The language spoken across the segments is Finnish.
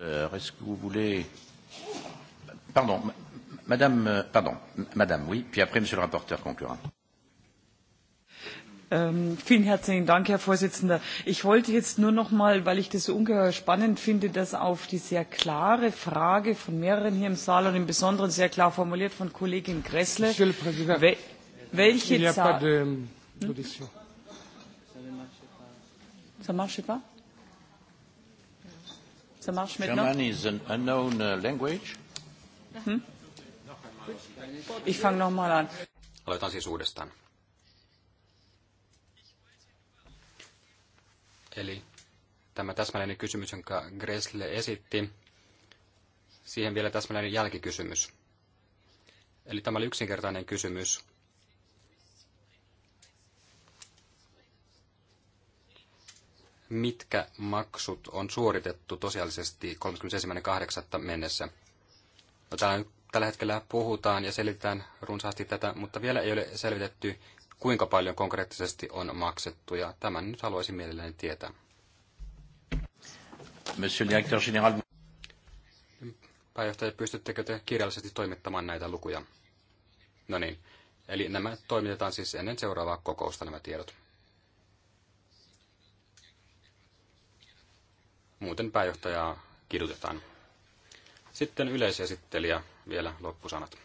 Est-ce que vous voulez... Pardon, madame, euh, pardon, madame, oui, puis après, monsieur le rapporteur conclura. Ähm, vielen herzlichen Dank, Herr Vorsitzender. Ich wollte jetzt nur noch mal, weil ich das so ungeheuer spannend finde, dass auf die sehr klare Frage von mehreren hier im Saal und im Besonderen sehr klar formuliert von Kollegin Gressle, wel welche Zahl... Hm? Ça marche pas Ça marche maintenant German is an unknown uh, language. Hmm? Ich fange nochmal an. Aloitan siis uudestaan. Eli tämä täsmällinen kysymys, jonka Gressle esitti, siihen vielä täsmällinen jälkikysymys. Eli tämä oli yksinkertainen kysymys, mitkä maksut on suoritettu tosiaalisesti 31.8. mennessä. No, täällä nyt tällä hetkellä puhutaan ja selitetään runsaasti tätä, mutta vielä ei ole selvitetty, kuinka paljon konkreettisesti on maksettu, ja tämän nyt haluaisin mielelläni tietää. Monsieur Directeur General. Pääjohtaja, pystyttekö te kirjallisesti toimittamaan näitä lukuja? No niin, eli nämä toimitetaan siis ennen seuraavaa kokousta nämä tiedot. Muuten pääjohtajaa kidutetaan. Sitten yleisesittelijä vielä loppusanat.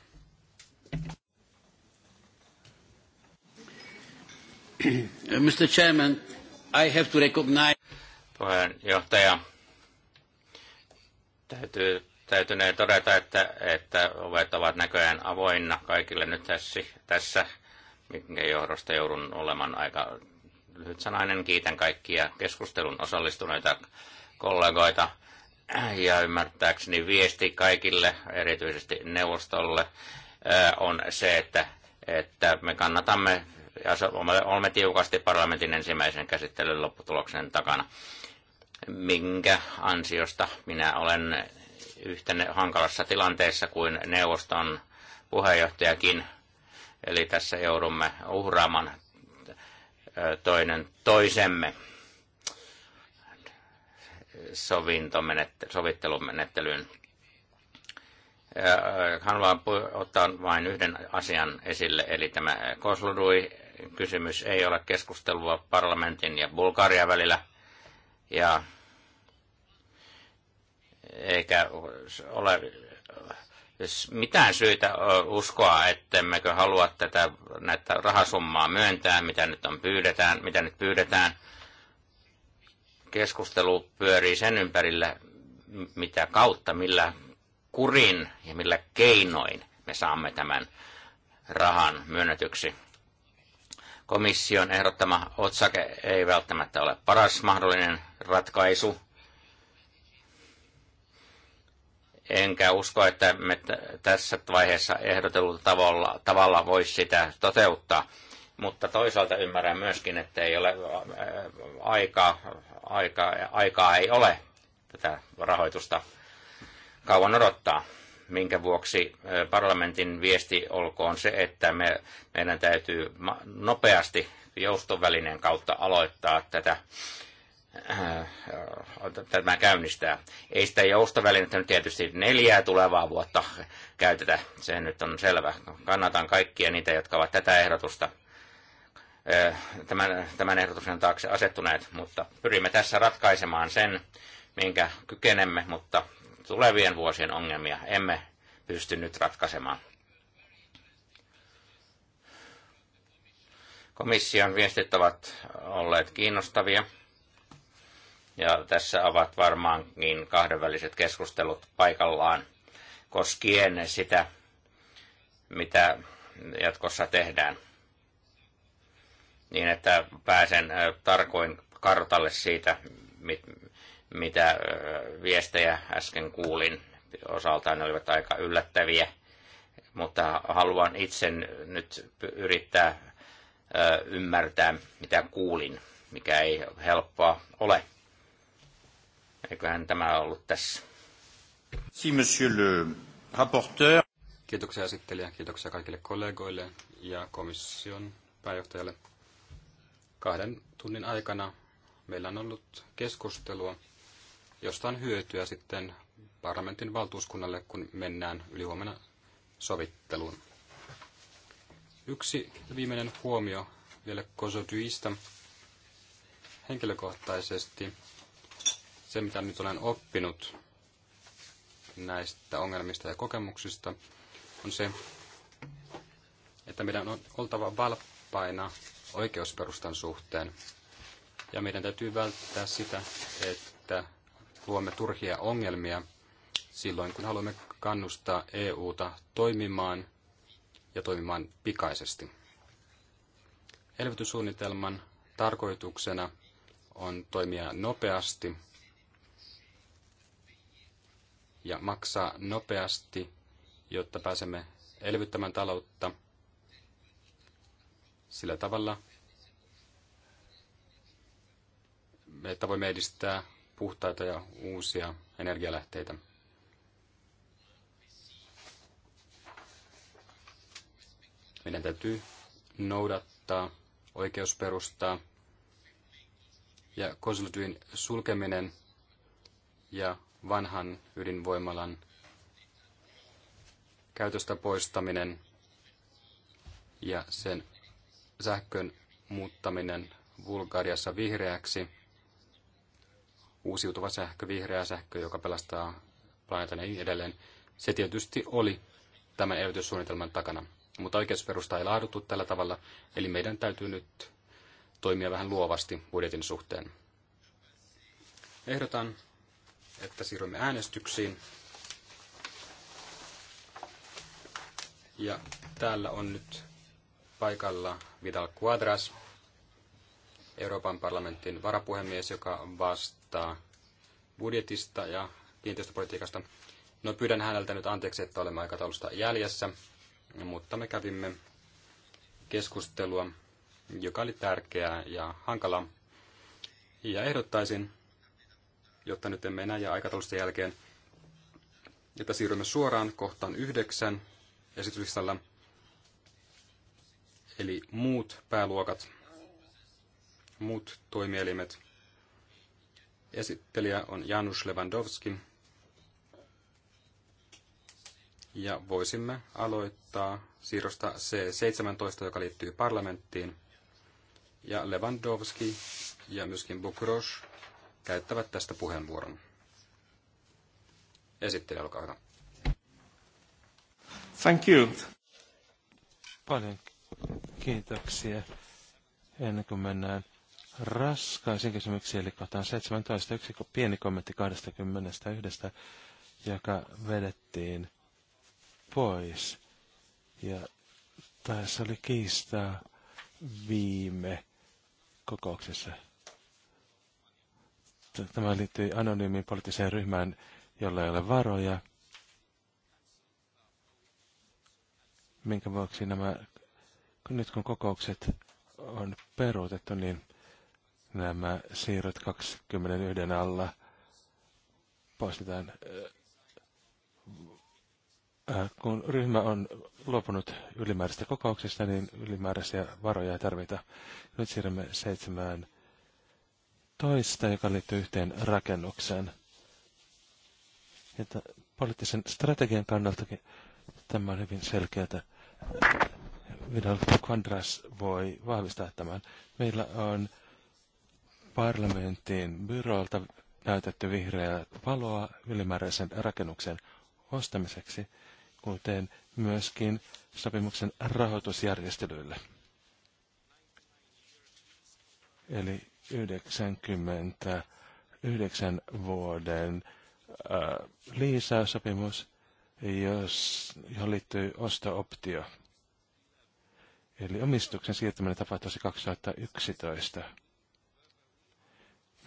Mr. Chairman, I have to recognize... Puheenjohtaja, täytyy, ne todeta, että, että ovet ovat näköjään avoinna kaikille nyt tässä, tässä minkä johdosta joudun olemaan aika sanainen Kiitän kaikkia keskustelun osallistuneita kollegoita ja ymmärtääkseni viesti kaikille, erityisesti neuvostolle, eh, on se, että, että me kannatamme ja olemme tiukasti parlamentin ensimmäisen käsittelyn lopputuloksen takana, minkä ansiosta minä olen yhtä hankalassa tilanteessa kuin neuvoston puheenjohtajakin. Eli tässä joudumme uhraamaan eh, toinen toisemme sovittelumenettelyyn. Haluan ottaa vain yhden asian esille, eli tämä Kosludui kysymys ei ole keskustelua parlamentin ja Bulgarian välillä, ja eikä ole mitään syytä uskoa, ettemmekö halua tätä, näitä rahasummaa myöntää, mitä nyt on pyydetään, mitä nyt pyydetään – keskustelu pyörii sen ympärillä, mitä kautta, millä kurin ja millä keinoin me saamme tämän rahan myönnetyksi. Komission ehdottama otsake ei välttämättä ole paras mahdollinen ratkaisu. Enkä usko, että me tässä vaiheessa ehdotetulla tavalla, tavalla voisi sitä toteuttaa mutta toisaalta ymmärrän myöskin, että ei ole äh, aikaa, aikaa, aikaa ei ole tätä rahoitusta kauan odottaa, minkä vuoksi äh, parlamentin viesti olkoon se, että me, meidän täytyy nopeasti joustovälineen kautta aloittaa tätä äh, tämä käynnistää. Ei sitä joustovälinettä nyt tietysti neljää tulevaa vuotta käytetä, se nyt on selvä. Kannatan kaikkia niitä, jotka ovat tätä ehdotusta tämän, tämän ehdotuksen taakse asettuneet, mutta pyrimme tässä ratkaisemaan sen, minkä kykenemme, mutta tulevien vuosien ongelmia emme pysty nyt ratkaisemaan. Komission viestit ovat olleet kiinnostavia. Ja tässä ovat varmaankin kahdenväliset keskustelut paikallaan koskien sitä, mitä jatkossa tehdään niin että pääsen äh, tarkoin kartalle siitä, mit, mitä äh, viestejä äsken kuulin. Osaltaan ne olivat aika yllättäviä, mutta haluan itse nyt yrittää äh, ymmärtää, mitä kuulin, mikä ei helppoa ole. Eiköhän tämä ollut tässä. Si, monsieur le rapporteur. Kiitoksia esittelijä, kiitoksia kaikille kollegoille ja komission pääjohtajalle kahden tunnin aikana meillä on ollut keskustelua, josta on hyötyä sitten parlamentin valtuuskunnalle, kun mennään ylihuomenna sovitteluun. Yksi viimeinen huomio vielä Kosodyista. Henkilökohtaisesti se, mitä nyt olen oppinut näistä ongelmista ja kokemuksista, on se, että meidän on oltava valppaina oikeusperustan suhteen. Ja meidän täytyy välttää sitä, että luomme turhia ongelmia silloin, kun haluamme kannustaa EUta toimimaan ja toimimaan pikaisesti. Elvytyssuunnitelman tarkoituksena on toimia nopeasti ja maksaa nopeasti, jotta pääsemme elvyttämään taloutta – sillä tavalla, että voimme edistää puhtaita ja uusia energialähteitä. Meidän täytyy noudattaa oikeusperustaa ja konsultuin sulkeminen ja vanhan ydinvoimalan käytöstä poistaminen ja sen sähkön muuttaminen Bulgariassa vihreäksi, uusiutuva sähkö, vihreä sähkö, joka pelastaa planeetan ja niin edelleen, se tietysti oli tämän elvytyssuunnitelman takana. Mutta oikeusperusta ei laaduttu tällä tavalla, eli meidän täytyy nyt toimia vähän luovasti budjetin suhteen. Ehdotan, että siirrymme äänestyksiin. Ja täällä on nyt paikalla Vidal Quadras, Euroopan parlamentin varapuhemies, joka vastaa budjetista ja kiinteistöpolitiikasta. No pyydän häneltä nyt anteeksi, että olemme aikataulusta jäljessä, mutta me kävimme keskustelua, joka oli tärkeää ja hankala. Ja ehdottaisin, jotta nyt emme enää jää aikataulusta jälkeen, että siirrymme suoraan kohtaan yhdeksän esityslistalla – Eli muut pääluokat, muut toimielimet. Esittelijä on Janusz Lewandowski. Ja voisimme aloittaa siirrosta C17, joka liittyy parlamenttiin. Ja Lewandowski ja myöskin Bukros käyttävät tästä puheenvuoron. Esittelijä, olkaa hyvä. Thank you. Paljon Kiitoksia. Ennen kuin mennään raskaisiin kysymyksiin, eli kohtaan 17, yksi pieni kommentti 21, joka vedettiin pois. Ja tässä oli kiistaa viime kokouksessa. Tämä liittyy anonyymiin poliittiseen ryhmään, jolla ei ole varoja, minkä vuoksi nämä nyt kun kokoukset on peruutettu, niin nämä siirrot 21 alla poistetaan, äh, äh, kun ryhmä on luopunut ylimääräistä kokouksesta, niin ylimääräisiä varoja ei tarvita. Nyt siirrymme seitsemään toista, joka liittyy yhteen rakennukseen. Että poliittisen strategian kannaltakin tämä on hyvin selkeää. Vidal Quandras voi vahvistaa tämän. Meillä on parlamentin byroilta näytetty vihreää valoa ylimääräisen rakennuksen ostamiseksi, kuten myöskin sopimuksen rahoitusjärjestelyille. Eli 99 vuoden äh, liisäysopimus, jos, johon liittyy osto-optio. Eli omistuksen siirtyminen tapahtuisi 2011.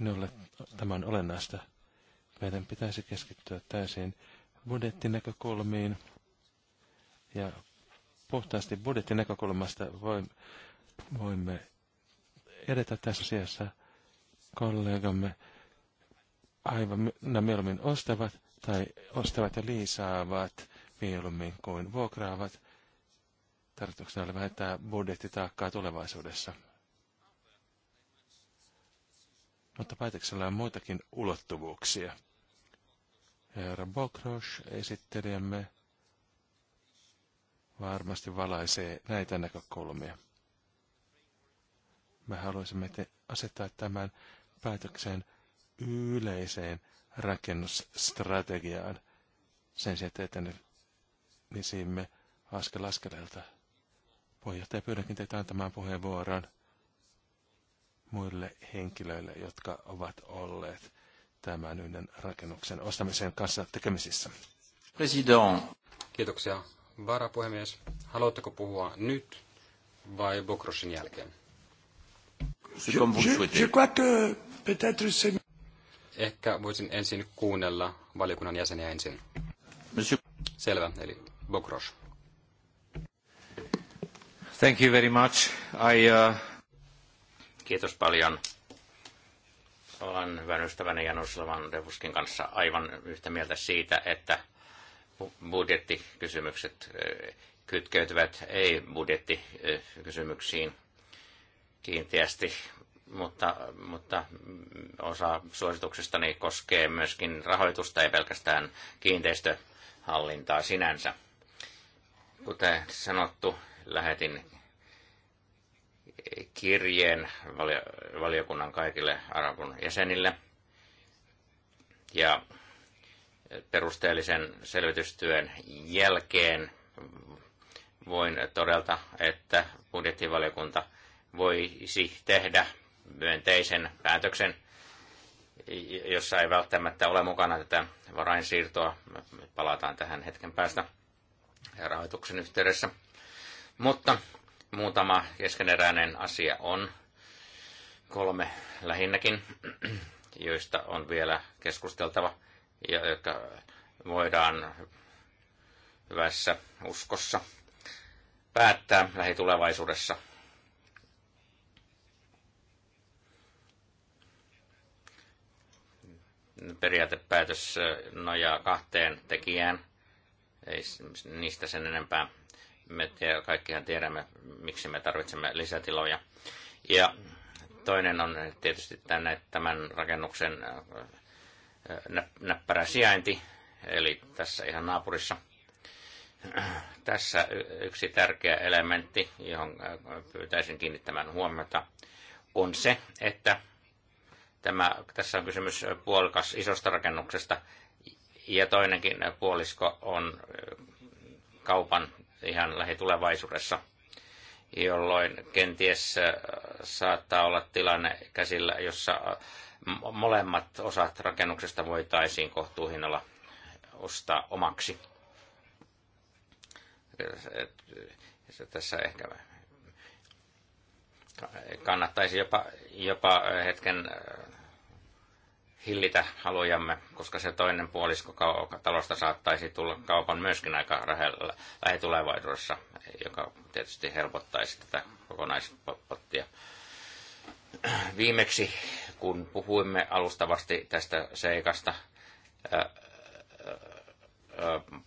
Minulle tämä on olennaista. Meidän pitäisi keskittyä täysin budjettinäkökulmiin. Ja puhtaasti budjettinäkökulmasta voimme edetä tässä asiassa. Kollegamme aivan mieluummin ostavat tai ostavat ja liisaavat mieluummin kuin vuokraavat. Tarkoituksena oli vähentää budjettitaakkaa tulevaisuudessa. Mutta päätöksellä on muitakin ulottuvuuksia. Herra Bokros, esittelijämme, varmasti valaisee näitä näkökulmia. Me haluaisimme te asettaa tämän päätöksen yleiseen rakennusstrategiaan sen sijaan, että etenisimme askel askeleelta. Puheenjohtaja, pyydänkin teitä antamaan puheenvuoron muille henkilöille, jotka ovat olleet tämän yhden rakennuksen ostamisen kanssa tekemisissä. President. Kiitoksia. Varapuhemies, haluatteko puhua nyt vai Bokrosin jälkeen? Ehkä voisin ensin kuunnella valiokunnan jäseniä ensin. Monsieur. Selvä, eli Bokros. Thank you very much. I, uh... Kiitos paljon. Olen hyvän ystäväni Janus Lavan kanssa aivan yhtä mieltä siitä, että budjettikysymykset kytkeytyvät ei-budjettikysymyksiin kiinteästi, mutta, mutta osa suosituksistani koskee myöskin rahoitusta ja pelkästään kiinteistöhallintaa sinänsä. Kuten sanottu, lähetin kirjeen valiokunnan kaikille Arabun jäsenille ja perusteellisen selvitystyön jälkeen voin todeta, että budjettivaliokunta voisi tehdä myönteisen päätöksen, jossa ei välttämättä ole mukana tätä varainsiirtoa. Palataan tähän hetken päästä rahoituksen yhteydessä mutta muutama keskeneräinen asia on, kolme lähinnäkin, joista on vielä keskusteltava, ja jotka voidaan hyvässä uskossa päättää lähitulevaisuudessa. Periaatepäätös nojaa kahteen tekijään, ei niistä sen enempää me kaikkihan tiedämme, miksi me tarvitsemme lisätiloja. Ja toinen on tietysti tänne, tämän rakennuksen äh, näppärä sijainti, eli tässä ihan naapurissa. Tässä yksi tärkeä elementti, johon äh, pyytäisin kiinnittämään huomiota, on se, että tämä, tässä on kysymys puolikas isosta rakennuksesta, ja toinenkin puolisko on äh, kaupan ihan lähitulevaisuudessa, jolloin kenties äh, saattaa olla tilanne käsillä, jossa äh, molemmat osat rakennuksesta voitaisiin kohtuuhinnalla ostaa omaksi. Tässä ehkä kannattaisi jopa, jopa hetken äh, hillitä halujamme, koska se toinen puolisko talosta saattaisi tulla kaupan myöskin aika lähellä, lähitulevaisuudessa, joka tietysti helpottaisi tätä kokonaispottia. Viimeksi, kun puhuimme alustavasti tästä seikasta,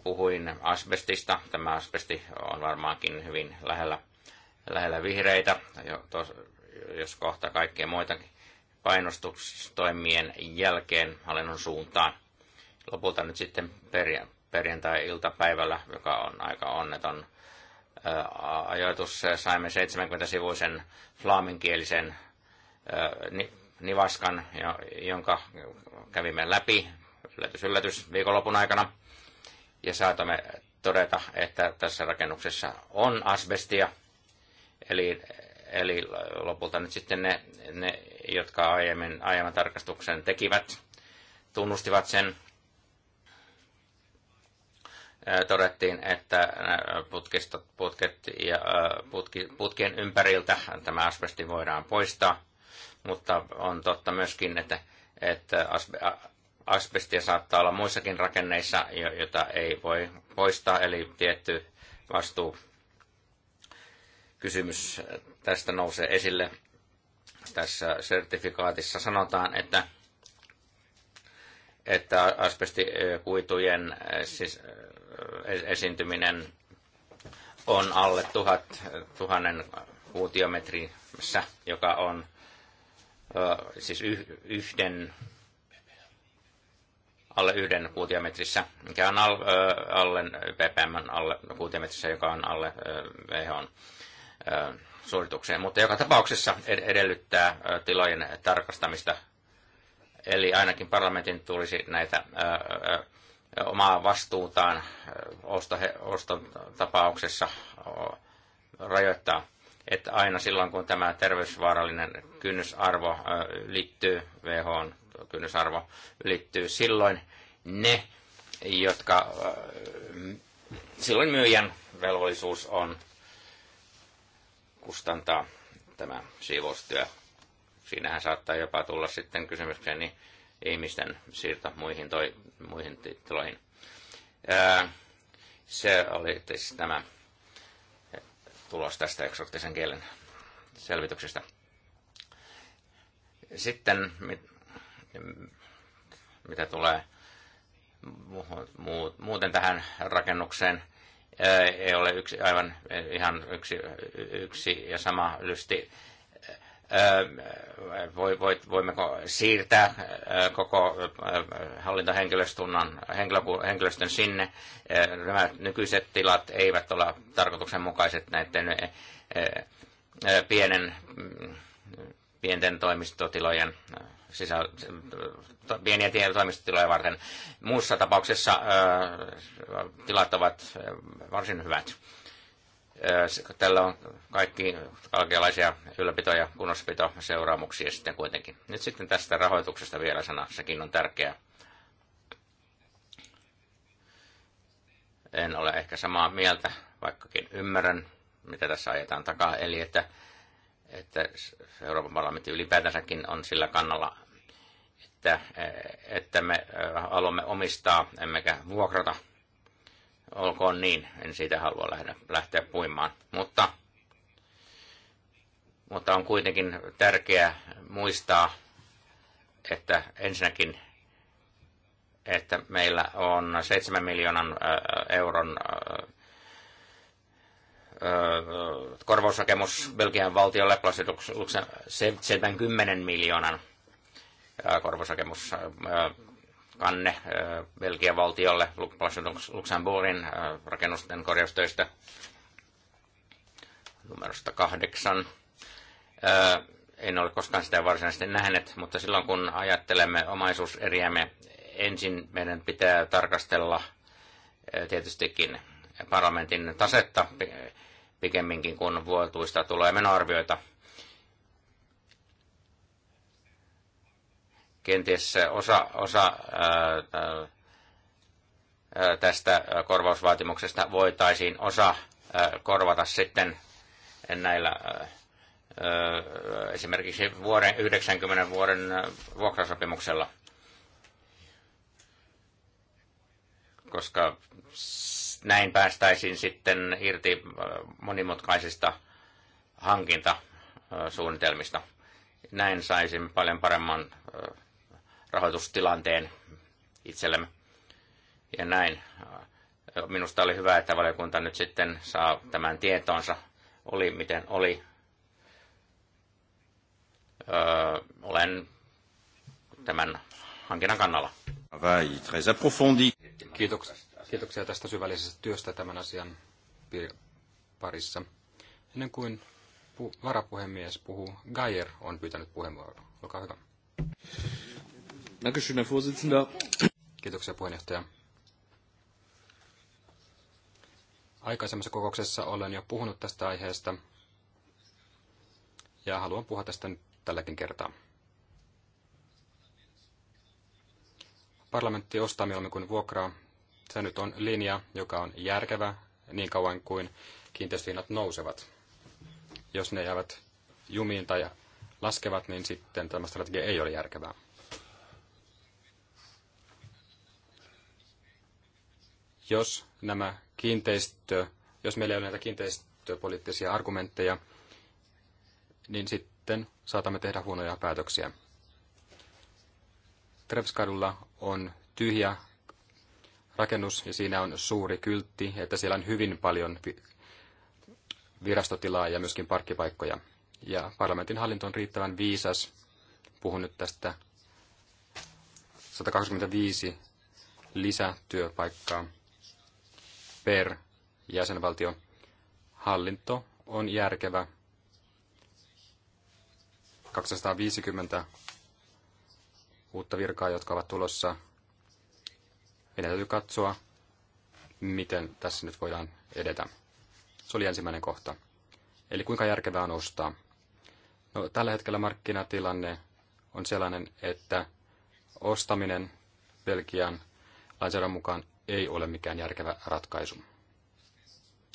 puhuin asbestista. Tämä asbesti on varmaankin hyvin lähellä, lähellä vihreitä, jos kohta kaikkea muitakin painostustoimien jälkeen hallinnon suuntaan. Lopulta nyt sitten perjantai-iltapäivällä, joka on aika onneton ajoitus, saimme 70-sivuisen flaaminkielisen nivaskan, jonka kävimme läpi, yllätys, yllätys, viikonlopun aikana. Ja saatamme todeta, että tässä rakennuksessa on asbestia, eli Eli lopulta nyt sitten ne, ne jotka aiemmin, aiemman tarkastuksen tekivät, tunnustivat sen. Todettiin, että putkistot, putket ja putki, putkien ympäriltä tämä asbesti voidaan poistaa, mutta on totta myöskin, että, että asbestia saattaa olla muissakin rakenneissa, joita ei voi poistaa, eli tietty vastuu kysymys tästä nousee esille. Tässä sertifikaatissa sanotaan, että, että asbestikuitujen eh, siis, eh, esiintyminen on alle tuhat, tuhannen kuutiometrissä, joka on siis yhden, alle yhden kuutiometrissä, mikä on alle, alle ppm alle kuutiometrissä, joka on alle WHO suoritukseen, mutta joka tapauksessa edellyttää tilojen tarkastamista. Eli ainakin parlamentin tulisi näitä omaa vastuutaan ostotapauksessa rajoittaa, että aina silloin kun tämä terveysvaarallinen kynnysarvo ylittyy, WHOn kynnysarvo liittyy, silloin ne, jotka silloin myyjän velvollisuus on kustantaa tämä siivoustyö. Siinähän saattaa jopa tulla sitten kysymykseen niin ihmisten siirto muihin, toi, muihin tiloihin. Ää, se oli siis tämä tulos tästä eksoottisen kielen selvityksestä. Sitten mit, mitä tulee muuten tähän rakennukseen, ei ole yksi, aivan ihan yksi, yksi ja sama lysti. Voi, voit, voimmeko siirtää koko hallintohenkilöstön henkilöstön sinne. Nämä nykyiset tilat eivät ole tarkoituksenmukaiset näiden pienen, mm, pienten toimistotilojen sisä- pieniä toimistotiloja varten. Muussa tapauksessa ää, tilat ovat varsin hyvät. Tällä on kaikki kalkialaisia ylläpito- ja kunnossapitoseuraamuksia sitten kuitenkin. Nyt sitten tästä rahoituksesta vielä sana, sekin on tärkeää. En ole ehkä samaa mieltä, vaikkakin ymmärrän, mitä tässä ajetaan takaa. Eli että että Euroopan parlamentti ylipäätänsäkin on sillä kannalla, että, että me haluamme omistaa, emmekä vuokrata. Olkoon niin, en siitä halua lähteä, lähteä puimaan. Mutta, mutta on kuitenkin tärkeää muistaa, että ensinnäkin että meillä on 7 miljoonan euron korvaushakemus Belgian valtiolle plus 70 miljoonan korvaushakemus kanne Belgian valtiolle plus Luxemburgin rakennusten korjaustöistä numerosta kahdeksan. En ole koskaan sitä varsinaisesti nähnyt, mutta silloin kun ajattelemme omaisuuseriämme, ensin meidän pitää tarkastella tietystikin parlamentin tasetta pikemminkin kuin vuotuista tulee menoarvioita. Kenties osa, osa ää, ää, tästä korvausvaatimuksesta voitaisiin osa ää, korvata sitten näillä ää, esimerkiksi vuoden, 90 vuoden vuokrasopimuksella, koska näin päästäisiin sitten irti äh, monimutkaisista hankintasuunnitelmista. Näin saisin paljon paremman äh, rahoitustilanteen itsellemme. Ja näin. Äh, minusta oli hyvä, että valiokunta nyt sitten saa tämän tietoonsa. Oli miten oli. Öö, olen tämän hankinnan kannalla. Kiitoksia kiitoksia tästä syvällisestä työstä tämän asian parissa. Ennen kuin pu- varapuhemies puhuu, Geier on pyytänyt puheenvuoroa. Olkaa hyvä. Dankeschön, Herr Vorsitzender. Kiitoksia puheenjohtaja. Aikaisemmassa kokouksessa olen jo puhunut tästä aiheesta ja haluan puhua tästä nyt tälläkin kertaa. Parlamentti ostaa mieluummin kuin vuokraa se nyt on linja, joka on järkevä niin kauan kuin kiinteistöhinnat nousevat. Jos ne jäävät jumiin tai laskevat, niin sitten tämä strategia ei ole järkevää. Jos nämä kiinteistö, jos meillä ei ole näitä kiinteistöpoliittisia argumentteja, niin sitten saatamme tehdä huonoja päätöksiä. Trevskadulla on tyhjä rakennus ja siinä on suuri kyltti, että siellä on hyvin paljon virastotilaa ja myöskin parkkipaikkoja. Ja parlamentin hallinto on riittävän viisas. Puhun nyt tästä 125 lisätyöpaikkaa per jäsenvaltio. Hallinto on järkevä. 250 uutta virkaa, jotka ovat tulossa meidän täytyy katsoa, miten tässä nyt voidaan edetä. Se oli ensimmäinen kohta. Eli kuinka järkevää on ostaa? No, tällä hetkellä markkinatilanne on sellainen, että ostaminen Belgian lainsäädännön mukaan ei ole mikään järkevä ratkaisu.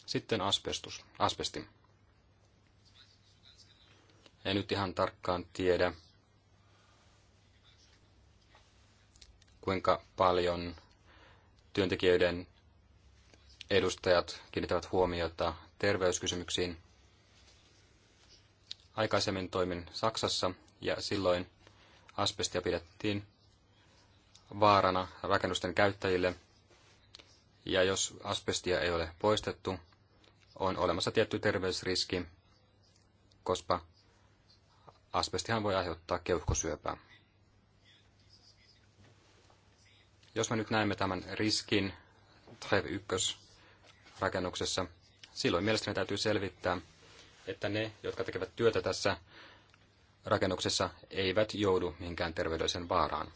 Sitten asbestus, asbesti. En nyt ihan tarkkaan tiedä, kuinka paljon työntekijöiden edustajat kiinnittävät huomiota terveyskysymyksiin. Aikaisemmin toimin Saksassa ja silloin asbestia pidettiin vaarana rakennusten käyttäjille. Ja jos asbestia ei ole poistettu, on olemassa tietty terveysriski, koska asbestihan voi aiheuttaa keuhkosyöpää. Jos me nyt näemme tämän riskin Trev 1 rakennuksessa, silloin mielestäni täytyy selvittää, että ne, jotka tekevät työtä tässä rakennuksessa, eivät joudu minkään terveydellisen vaaraan.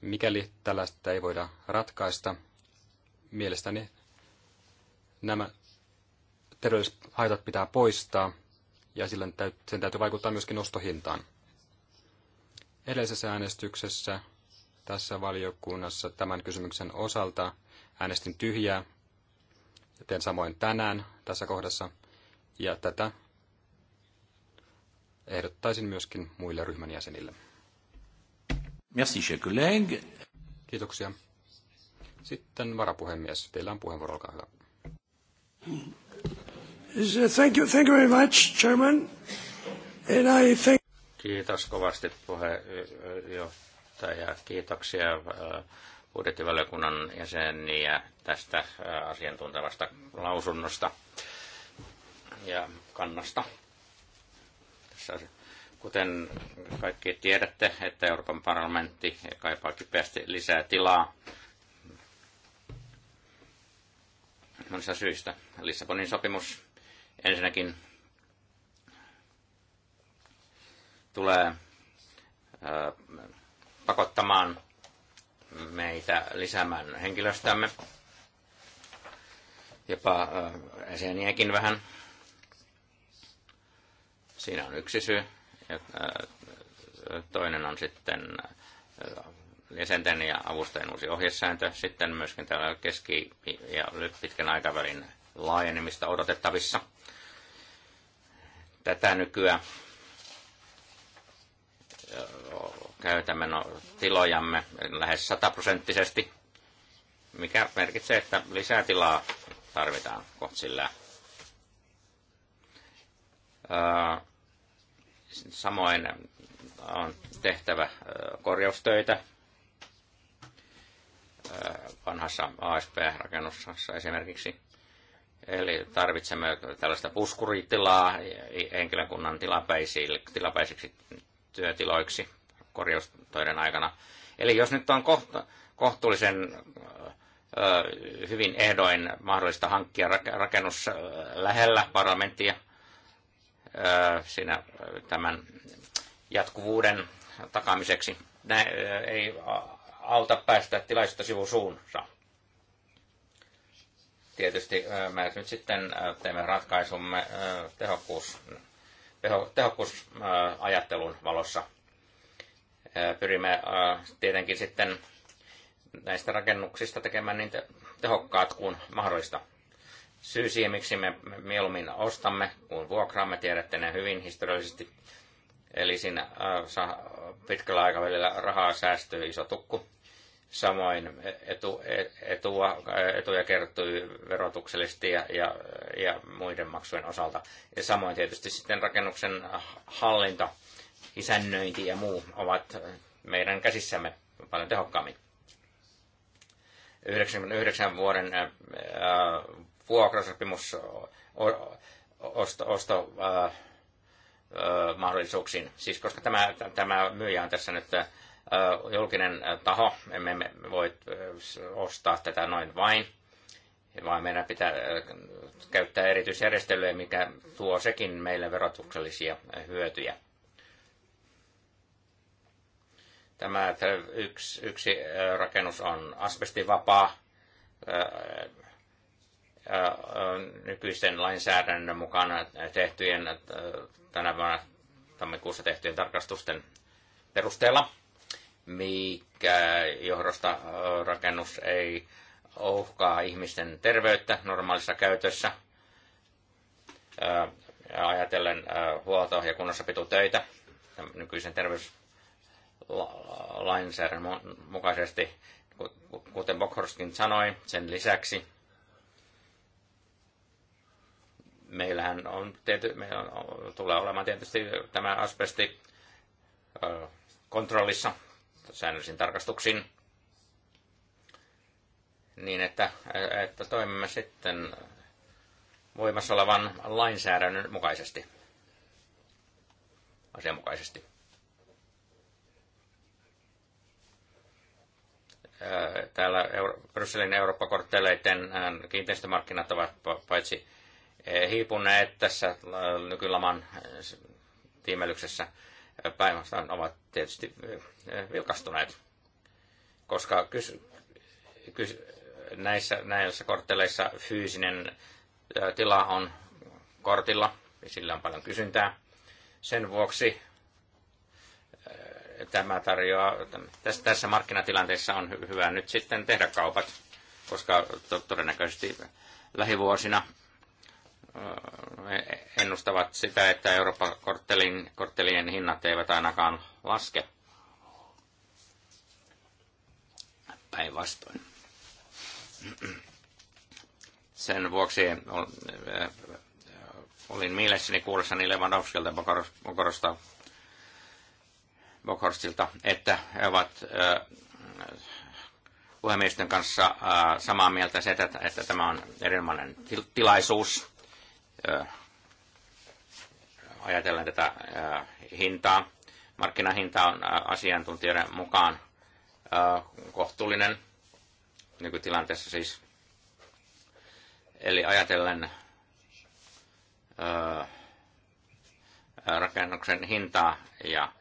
Mikäli tällaista ei voida ratkaista, mielestäni nämä terveelliset haitat pitää poistaa, ja sen täytyy vaikuttaa myöskin ostohintaan. Edellisessä äänestyksessä tässä valiokunnassa tämän kysymyksen osalta. Äänestin tyhjää. Teen samoin tänään tässä kohdassa. Ja tätä ehdottaisin myöskin muille ryhmän jäsenille. Merci, cher collègue. Kiitoksia. Sitten varapuhemies, teillä on puheenvuoro, olkaa hyvä. Thank you, thank you very much, Chairman. And I thank... Kiitos kovasti puheenjohtaja puheenjohtaja. Kiitoksia äh, budjettivaliokunnan jäseniä tästä äh, asiantuntevasta lausunnosta ja kannasta. Tässä, kuten kaikki tiedätte, että Euroopan parlamentti kaipaa kipeästi lisää tilaa monista syistä. Lissabonin sopimus ensinnäkin tulee äh, pakottamaan meitä lisäämään henkilöstämme, jopa äh, eseniäkin vähän. Siinä on yksi syy. Ja äh, toinen on sitten äh, jäsenten ja avustajien uusi ohjesääntö. Sitten myöskin täällä keski- ja pitkän aikavälin laajenemista odotettavissa. Tätä nykyään käytämme no, tilojamme lähes sataprosenttisesti, mikä merkitsee, että lisää tilaa tarvitaan sillä. Samoin on tehtävä korjaustöitä vanhassa ASP-rakennuksessa esimerkiksi. Eli tarvitsemme tällaista puskuritilaa henkilökunnan tilapäisiksi työtiloiksi korjaustoiden aikana. Eli jos nyt on kohta, kohtuullisen hyvin ehdoin mahdollista hankkia rakennus lähellä parlamenttia siinä tämän jatkuvuuden takaamiseksi. Nä, ei auta päästä tilaisuutta sivusuunsa. Tietysti me nyt sitten teemme ratkaisumme tehokkuus tehokkuusajattelun valossa. Pyrimme tietenkin sitten näistä rakennuksista tekemään niin tehokkaat kuin mahdollista. Syy siihen, miksi me mieluummin ostamme kuin vuokraamme, tiedätte ne hyvin historiallisesti. Eli siinä pitkällä aikavälillä rahaa säästyy iso tukku Samoin etu, etua, etuja kertyy verotuksellisesti ja, ja, ja muiden maksujen osalta. Ja samoin tietysti sitten rakennuksen hallinta, isännöinti ja muu ovat meidän käsissämme paljon tehokkaammin. 99 vuoden äh, vuokrasopimus osto, osto ää, äh, äh, mahdollisuuksiin. Siis koska tämä, tämä myyjä on tässä nyt ää, julkinen taho, emme voi ostaa tätä noin vain, vaan meidän pitää käyttää erityisjärjestelyä, mikä tuo sekin meille verotuksellisia hyötyjä. Tämä yksi, yksi rakennus on asbestivapaa. Nykyisten lainsäädännön mukana tehtyjen tänä vuonna tammikuussa tehtyjen tarkastusten perusteella mikä johdosta rakennus ei uhkaa ihmisten terveyttä normaalissa käytössä ajatellen huolto- ja kunnossapitotöitä nykyisen terveyslainsäädännön mukaisesti, kuten Bokhorskin sanoi, sen lisäksi meillähän on, tiety, meillä on, tulee olemaan tietysti tämä asbesti kontrollissa säännöllisin tarkastuksin niin, että, että toimimme sitten voimassa olevan lainsäädännön mukaisesti. Asianmukaisesti. Täällä Euro- Brysselin Eurooppa-kortteleiden kiinteistömarkkinat ovat paitsi hiipuneet tässä nykylaman tiimelyksessä, päinvastoin ovat tietysti vilkastuneet, koska kys, kys, näissä, näissä kortteleissa fyysinen tila on kortilla ja sillä on paljon kysyntää. Sen vuoksi tämä tarjoaa, tässä, tässä markkinatilanteessa on hyvä nyt sitten tehdä kaupat, koska to, todennäköisesti lähivuosina ennustavat sitä, että Euroopan korttelin, korttelien hinnat eivät ainakaan laske. Päinvastoin. Sen vuoksi olin mielessäni kuullessani Lewandowskilta Bokorosta, Bokorstilta, että he ovat puhemiesten kanssa samaa mieltä se, että, että tämä on erinomainen tilaisuus ajatellen tätä hintaa. Markkinahinta on asiantuntijoiden mukaan kohtuullinen nykytilanteessa siis. Eli ajatellen rakennuksen hintaa ja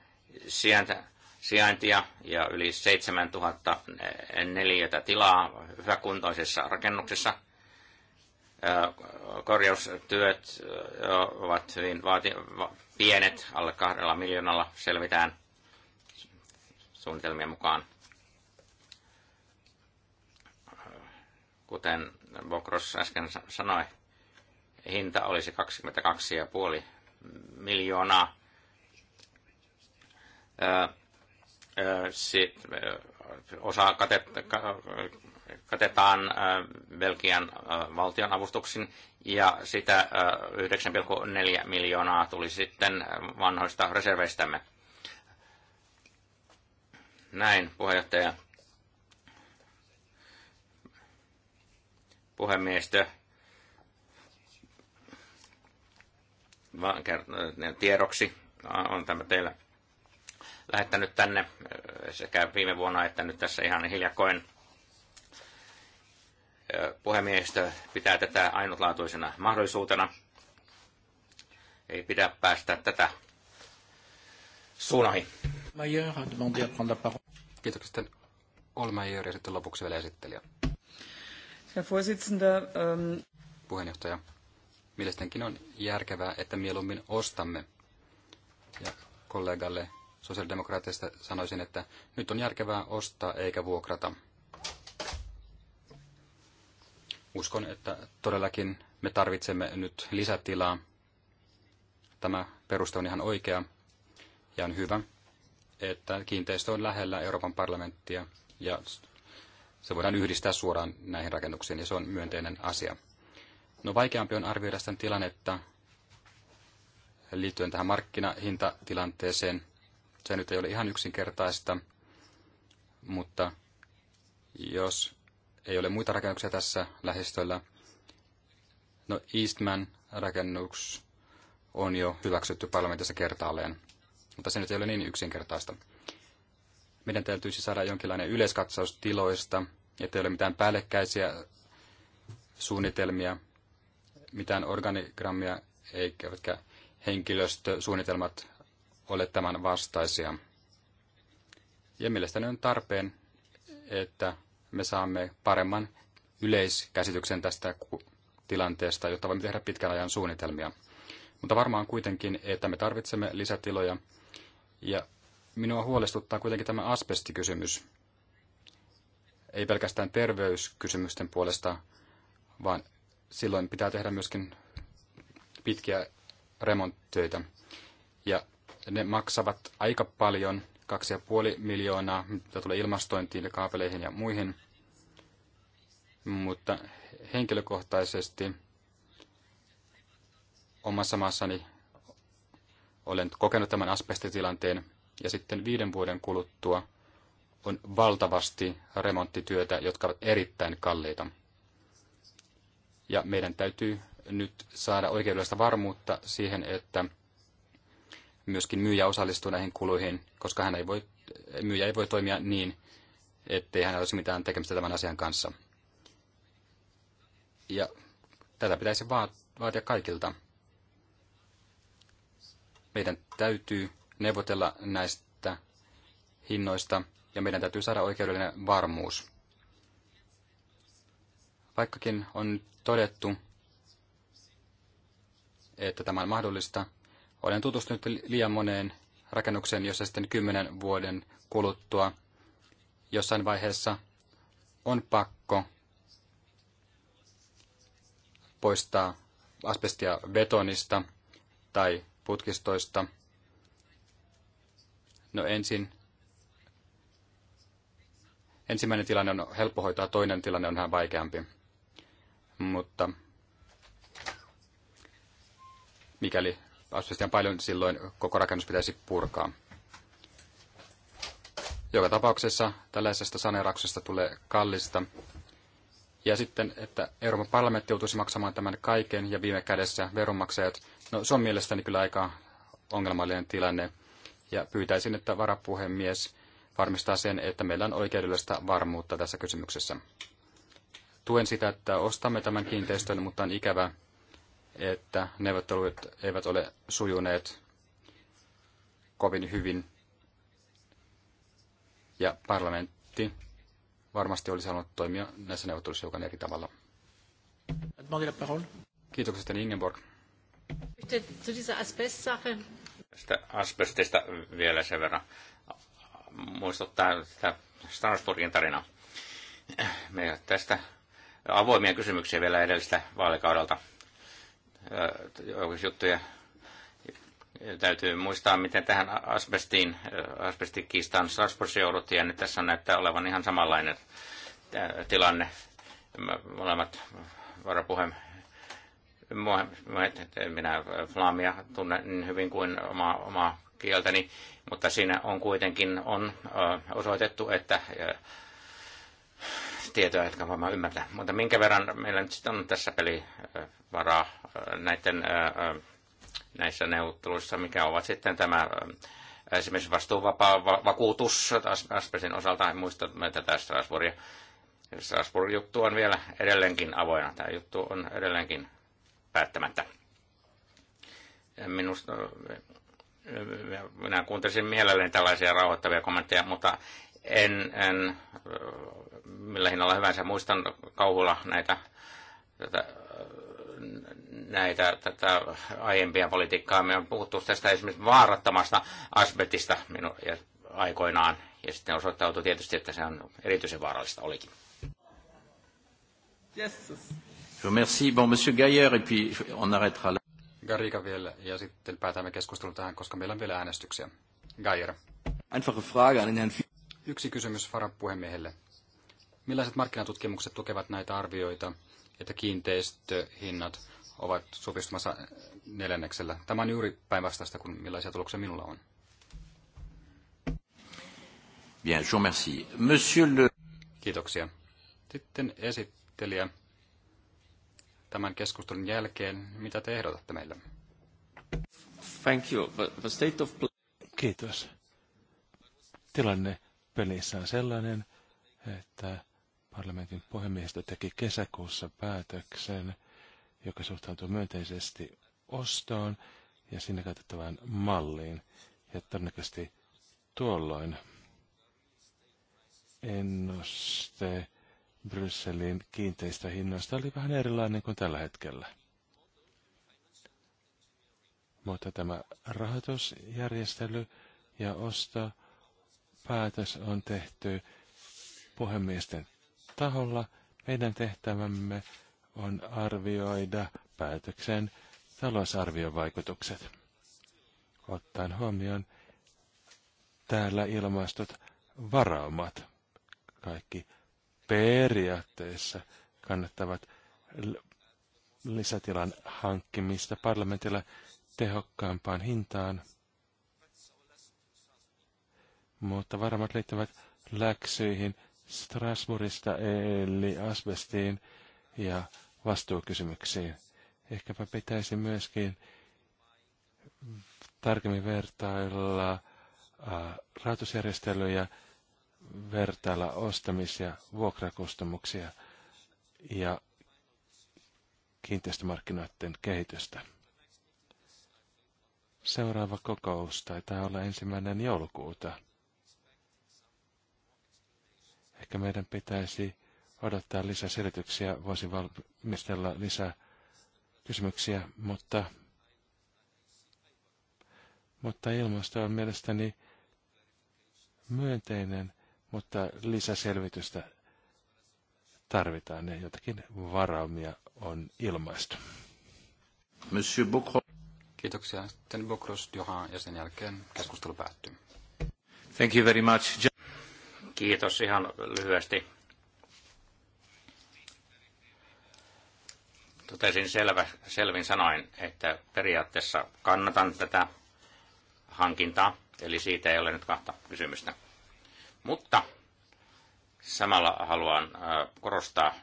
sijainta, sijaintia ja yli 7000 neliötä tilaa hyväkuntoisessa rakennuksessa – korjaustyöt ovat hyvin vaati, pienet, alle kahdella miljoonalla selvitään suunnitelmien mukaan. Kuten Bokros äsken sanoi, hinta olisi 22,5 miljoonaa. Öö, öö, sit, öö, osa katetaan äh, Belgian äh, valtion avustuksin ja sitä 9,4 äh, miljoonaa tuli sitten vanhoista reserveistämme. Näin, puheenjohtaja. Puhemiestö tiedoksi on tämä teillä lähettänyt tänne sekä viime vuonna että nyt tässä ihan hiljakoin Puhemiehistö pitää tätä ainutlaatuisena mahdollisuutena. Ei pidä päästä tätä suun ohi. Kiitoksia sitten Olmeijer ja sitten lopuksi vielä esittelijä. Ähm, Puheenjohtaja, mielestäni on järkevää, että mieluummin ostamme. Ja kollegalle sosiaalidemokraateista sanoisin, että nyt on järkevää ostaa eikä vuokrata. uskon, että todellakin me tarvitsemme nyt lisätilaa. Tämä peruste on ihan oikea ja on hyvä, että kiinteistö on lähellä Euroopan parlamenttia ja se voidaan yhdistää suoraan näihin rakennuksiin ja se on myönteinen asia. No vaikeampi on arvioida sen tilannetta liittyen tähän markkinahintatilanteeseen. Se nyt ei ole ihan yksinkertaista, mutta jos ei ole muita rakennuksia tässä lähistöllä. No Eastman rakennus on jo hyväksytty parlamentissa kertaalleen, mutta se nyt ei ole niin yksinkertaista. Meidän täytyisi saada jonkinlainen yleiskatsaus tiloista, ettei ole mitään päällekkäisiä suunnitelmia, mitään organigrammia eikä henkilöstösuunnitelmat ole tämän vastaisia. Ja mielestäni on tarpeen, että me saamme paremman yleiskäsityksen tästä tilanteesta, jotta voimme tehdä pitkän ajan suunnitelmia. Mutta varmaan kuitenkin, että me tarvitsemme lisätiloja. Ja minua huolestuttaa kuitenkin tämä asbestikysymys. Ei pelkästään terveyskysymysten puolesta, vaan silloin pitää tehdä myöskin pitkiä remonttöitä. Ja ne maksavat aika paljon 2,5 miljoonaa, mitä tulee ilmastointiin, kaapeleihin ja muihin. Mutta henkilökohtaisesti omassa maassani olen kokenut tämän asbestitilanteen ja sitten viiden vuoden kuluttua on valtavasti remonttityötä, jotka ovat erittäin kalliita. Ja meidän täytyy nyt saada oikeudellista varmuutta siihen, että myöskin myyjä osallistuu näihin kuluihin, koska hän ei voi, myyjä ei voi toimia niin, ettei hän olisi mitään tekemistä tämän asian kanssa. Ja tätä pitäisi vaatia kaikilta. Meidän täytyy neuvotella näistä hinnoista ja meidän täytyy saada oikeudellinen varmuus. Vaikkakin on todettu, että tämä on mahdollista, olen tutustunut liian moneen rakennukseen, jossa sitten kymmenen vuoden kuluttua jossain vaiheessa on pakko poistaa asbestia betonista tai putkistoista. No ensin ensimmäinen tilanne on helppo hoitaa, toinen tilanne on vähän vaikeampi. Mutta mikäli asbestia on paljon, silloin koko rakennus pitäisi purkaa. Joka tapauksessa tällaisesta saneerauksesta tulee kallista. Ja sitten, että Euroopan parlamentti joutuisi maksamaan tämän kaiken ja viime kädessä veronmaksajat, no se on mielestäni kyllä aika ongelmallinen tilanne. Ja pyytäisin, että varapuhemies varmistaa sen, että meillä on oikeudellista varmuutta tässä kysymyksessä. Tuen sitä, että ostamme tämän kiinteistön, mutta on ikävä, että neuvottelut eivät ole sujuneet kovin hyvin. Ja parlamentti varmasti olisi halunnut toimia näissä neuvotteluissa hiukan eri tavalla. Kiitokset, Ingeborg. Tästä asbestista vielä sen verran muistuttaa sitä Strasbourgin tarinaa. Meillä tästä avoimia kysymyksiä vielä edellistä vaalikaudelta juttuja. Täytyy muistaa, miten tähän asbestiin, asbestikiistaan Strasbourgissa jouduttiin, ja nyt tässä näyttää olevan ihan samanlainen tilanne. Molemmat varapuheen, minä Flaamia tunnen niin hyvin kuin oma, omaa kieltäni, mutta siinä on kuitenkin on osoitettu, että tietoa, jotka on ymmärtää. Mutta minkä verran meillä nyt sitten on tässä peli varaa äh, näiden, äh, äh, näissä neuvotteluissa, mikä ovat sitten tämä esimerkiksi vastuuvapaa vakuutus Aspesin osalta, en muista tätä Strasbourgia. Strasbourg-juttu on vielä edelleenkin avoinna. Tämä juttu on edelleenkin päättämättä. Minusta minä kuuntelisin mielelläni tällaisia rauhoittavia kommentteja, mutta en, en millä hinnalla hyvänsä muistan kauhulla näitä, tätä, näitä tätä aiempia politiikkaa. Me on puhuttu tästä esimerkiksi vaarattomasta asbetista minu, ja aikoinaan, ja sitten osoittautui tietysti, että se on erityisen vaarallista olikin. Yes. Je remercie. Bon, monsieur Gaillard, et puis on arrêtera là. Garriga vielä, ja sitten päätämme keskustelun tähän, koska meillä on vielä äänestyksiä. Gaillard. Einfache Frage an den Herrn Yksi kysymys varapuhemiehelle. Millaiset markkinatutkimukset tukevat näitä arvioita, että kiinteistöhinnat ovat supistumassa neljänneksellä? Tämä on juuri päinvastaista kuin millaisia tuloksia minulla on. Bien, je remercie. Monsieur le... Kiitoksia. Sitten esittelijä tämän keskustelun jälkeen. Mitä te ehdotatte meille? Thank you. The state of... Kiitos. Tilanne pelissä on sellainen, että parlamentin puhemiehistö teki kesäkuussa päätöksen, joka suhtautuu myönteisesti ostoon ja sinne käytettävään malliin. Ja todennäköisesti tuolloin ennuste Brysselin kiinteistöhinnoista oli vähän erilainen kuin tällä hetkellä. Mutta tämä rahoitusjärjestely ja osto päätös on tehty puhemiesten taholla. Meidän tehtävämme on arvioida päätöksen talousarviovaikutukset. Ottaen huomioon täällä ilmaistut varaumat. Kaikki periaatteessa kannattavat lisätilan hankkimista parlamentilla tehokkaampaan hintaan – mutta varmat liittyvät läksyihin Strasbourgista eli asbestiin ja vastuukysymyksiin. Ehkäpä pitäisi myöskin tarkemmin vertailla rahoitusjärjestelyjä, vertailla ostamis- ja vuokrakustannuksia ja kiinteistömarkkinoiden kehitystä. Seuraava kokous taitaa olla ensimmäinen joulukuuta. Ehkä meidän pitäisi odottaa lisää selityksiä, voisin valmistella lisää kysymyksiä, mutta, mutta ilmasto on mielestäni myönteinen, mutta lisäselvitystä tarvitaan ja jotakin varaumia on ilmaistu. Monsieur Bokro. Kiitoksia. Sitten Bokros Johan ja sen jälkeen keskustelu päättyy. Thank you very much. Kiitos ihan lyhyesti. Totesin selvä, selvin sanoin, että periaatteessa kannatan tätä hankintaa, eli siitä ei ole nyt kahta kysymystä. Mutta samalla haluan äh, korostaa äh,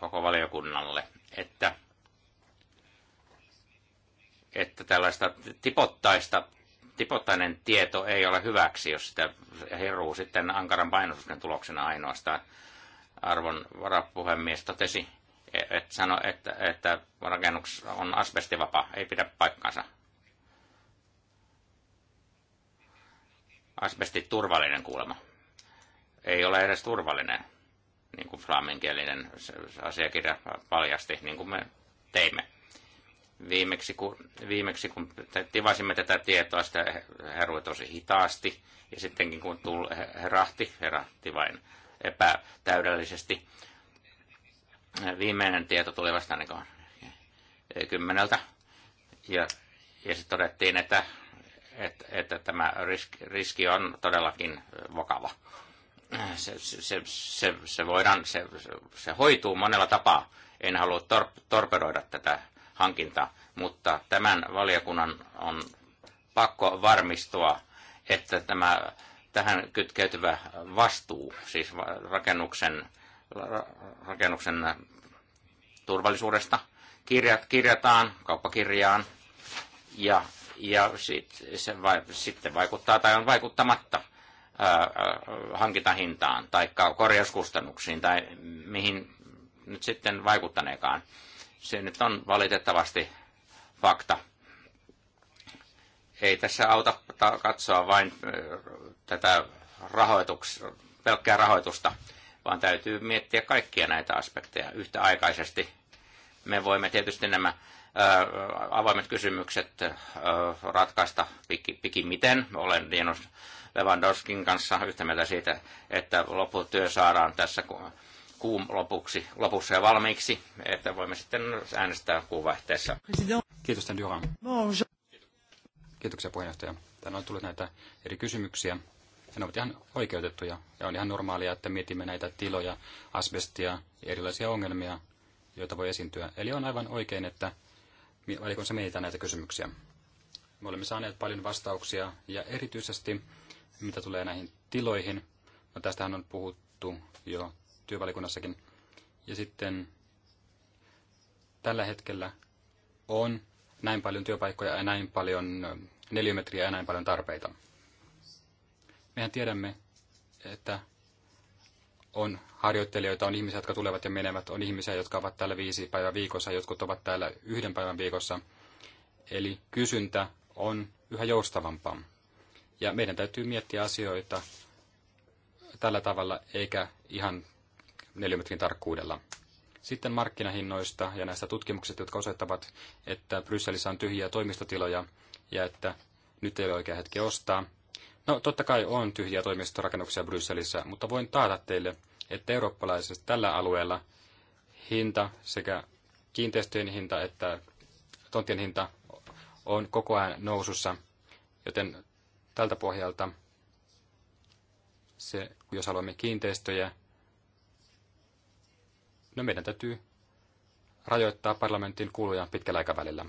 koko valiokunnalle, että, että tällaista tipottaista tipottainen tieto ei ole hyväksi, jos sitä heruu sitten ankaran painostusten tuloksena ainoastaan. Arvon varapuhemies totesi, että sano, että, että rakennus on asbestivapaa, ei pidä paikkaansa. Asbesti turvallinen kuulema. Ei ole edes turvallinen, niin kuin flaminkielinen asiakirja paljasti, niin kuin me teimme viimeksi kun, viimeksi kun tivasimme tätä tietoa, sitä herui tosi hitaasti. Ja sittenkin kun tuli, herahti, herahti vain epätäydellisesti. Viimeinen tieto tuli vasta niin eh, kymmeneltä. Ja, ja sitten todettiin, että, että, että tämä riski, riski on todellakin vakava. Se, se, se, se, voidaan, se, se hoituu monella tapaa. En halua tor, torpedoida tätä hankinta, mutta tämän valiokunnan on pakko varmistua, että tämä tähän kytkeytyvä vastuu, siis rakennuksen, rakennuksen turvallisuudesta, kirjat, kirjataan kauppakirjaan ja, ja sit, se vai, sitten vaikuttaa tai on vaikuttamatta ää, hankintahintaan tai korjauskustannuksiin tai mihin nyt sitten vaikuttaneekaan. Se nyt on valitettavasti fakta. Ei tässä auta katsoa vain tätä rahoituks, pelkkää rahoitusta, vaan täytyy miettiä kaikkia näitä aspekteja yhtäaikaisesti. Me voimme tietysti nämä avoimet kysymykset ratkaista pikimiten. Olen Dienos Lewandowskin kanssa yhtä mieltä siitä, että lopputyö saadaan tässä kuun lopuksi, lopussa ja valmiiksi, että voimme sitten äänestää kuun vaihteessa. Kiitos, Tän Duran. Kiitoksia puheenjohtaja. Tänne on tullut näitä eri kysymyksiä. Ja ne ovat ihan oikeutettuja ja on ihan normaalia, että mietimme näitä tiloja, asbestia ja erilaisia ongelmia, joita voi esiintyä. Eli on aivan oikein, että valiokunnassa mietitään näitä kysymyksiä. Me olemme saaneet paljon vastauksia ja erityisesti mitä tulee näihin tiloihin, no tästähän on puhuttu jo työvalikunnassakin. Ja sitten tällä hetkellä on näin paljon työpaikkoja ja näin paljon neliömetriä ja näin paljon tarpeita. Mehän tiedämme, että on harjoittelijoita, on ihmisiä, jotka tulevat ja menevät, on ihmisiä, jotka ovat täällä viisi päivän viikossa, jotkut ovat täällä yhden päivän viikossa. Eli kysyntä on yhä joustavampaa. Ja meidän täytyy miettiä asioita tällä tavalla, eikä ihan metrin tarkkuudella. Sitten markkinahinnoista ja näistä tutkimuksista, jotka osoittavat, että Brysselissä on tyhjiä toimistotiloja ja että nyt ei ole oikea hetki ostaa. No totta kai on tyhjiä toimistorakennuksia Brysselissä, mutta voin taata teille, että eurooppalaisessa tällä alueella hinta sekä kiinteistöjen hinta että tontien hinta on koko ajan nousussa, joten tältä pohjalta se, jos haluamme kiinteistöjä, No meidän täytyy rajoittaa parlamentin kuluja pitkällä aikavälillä.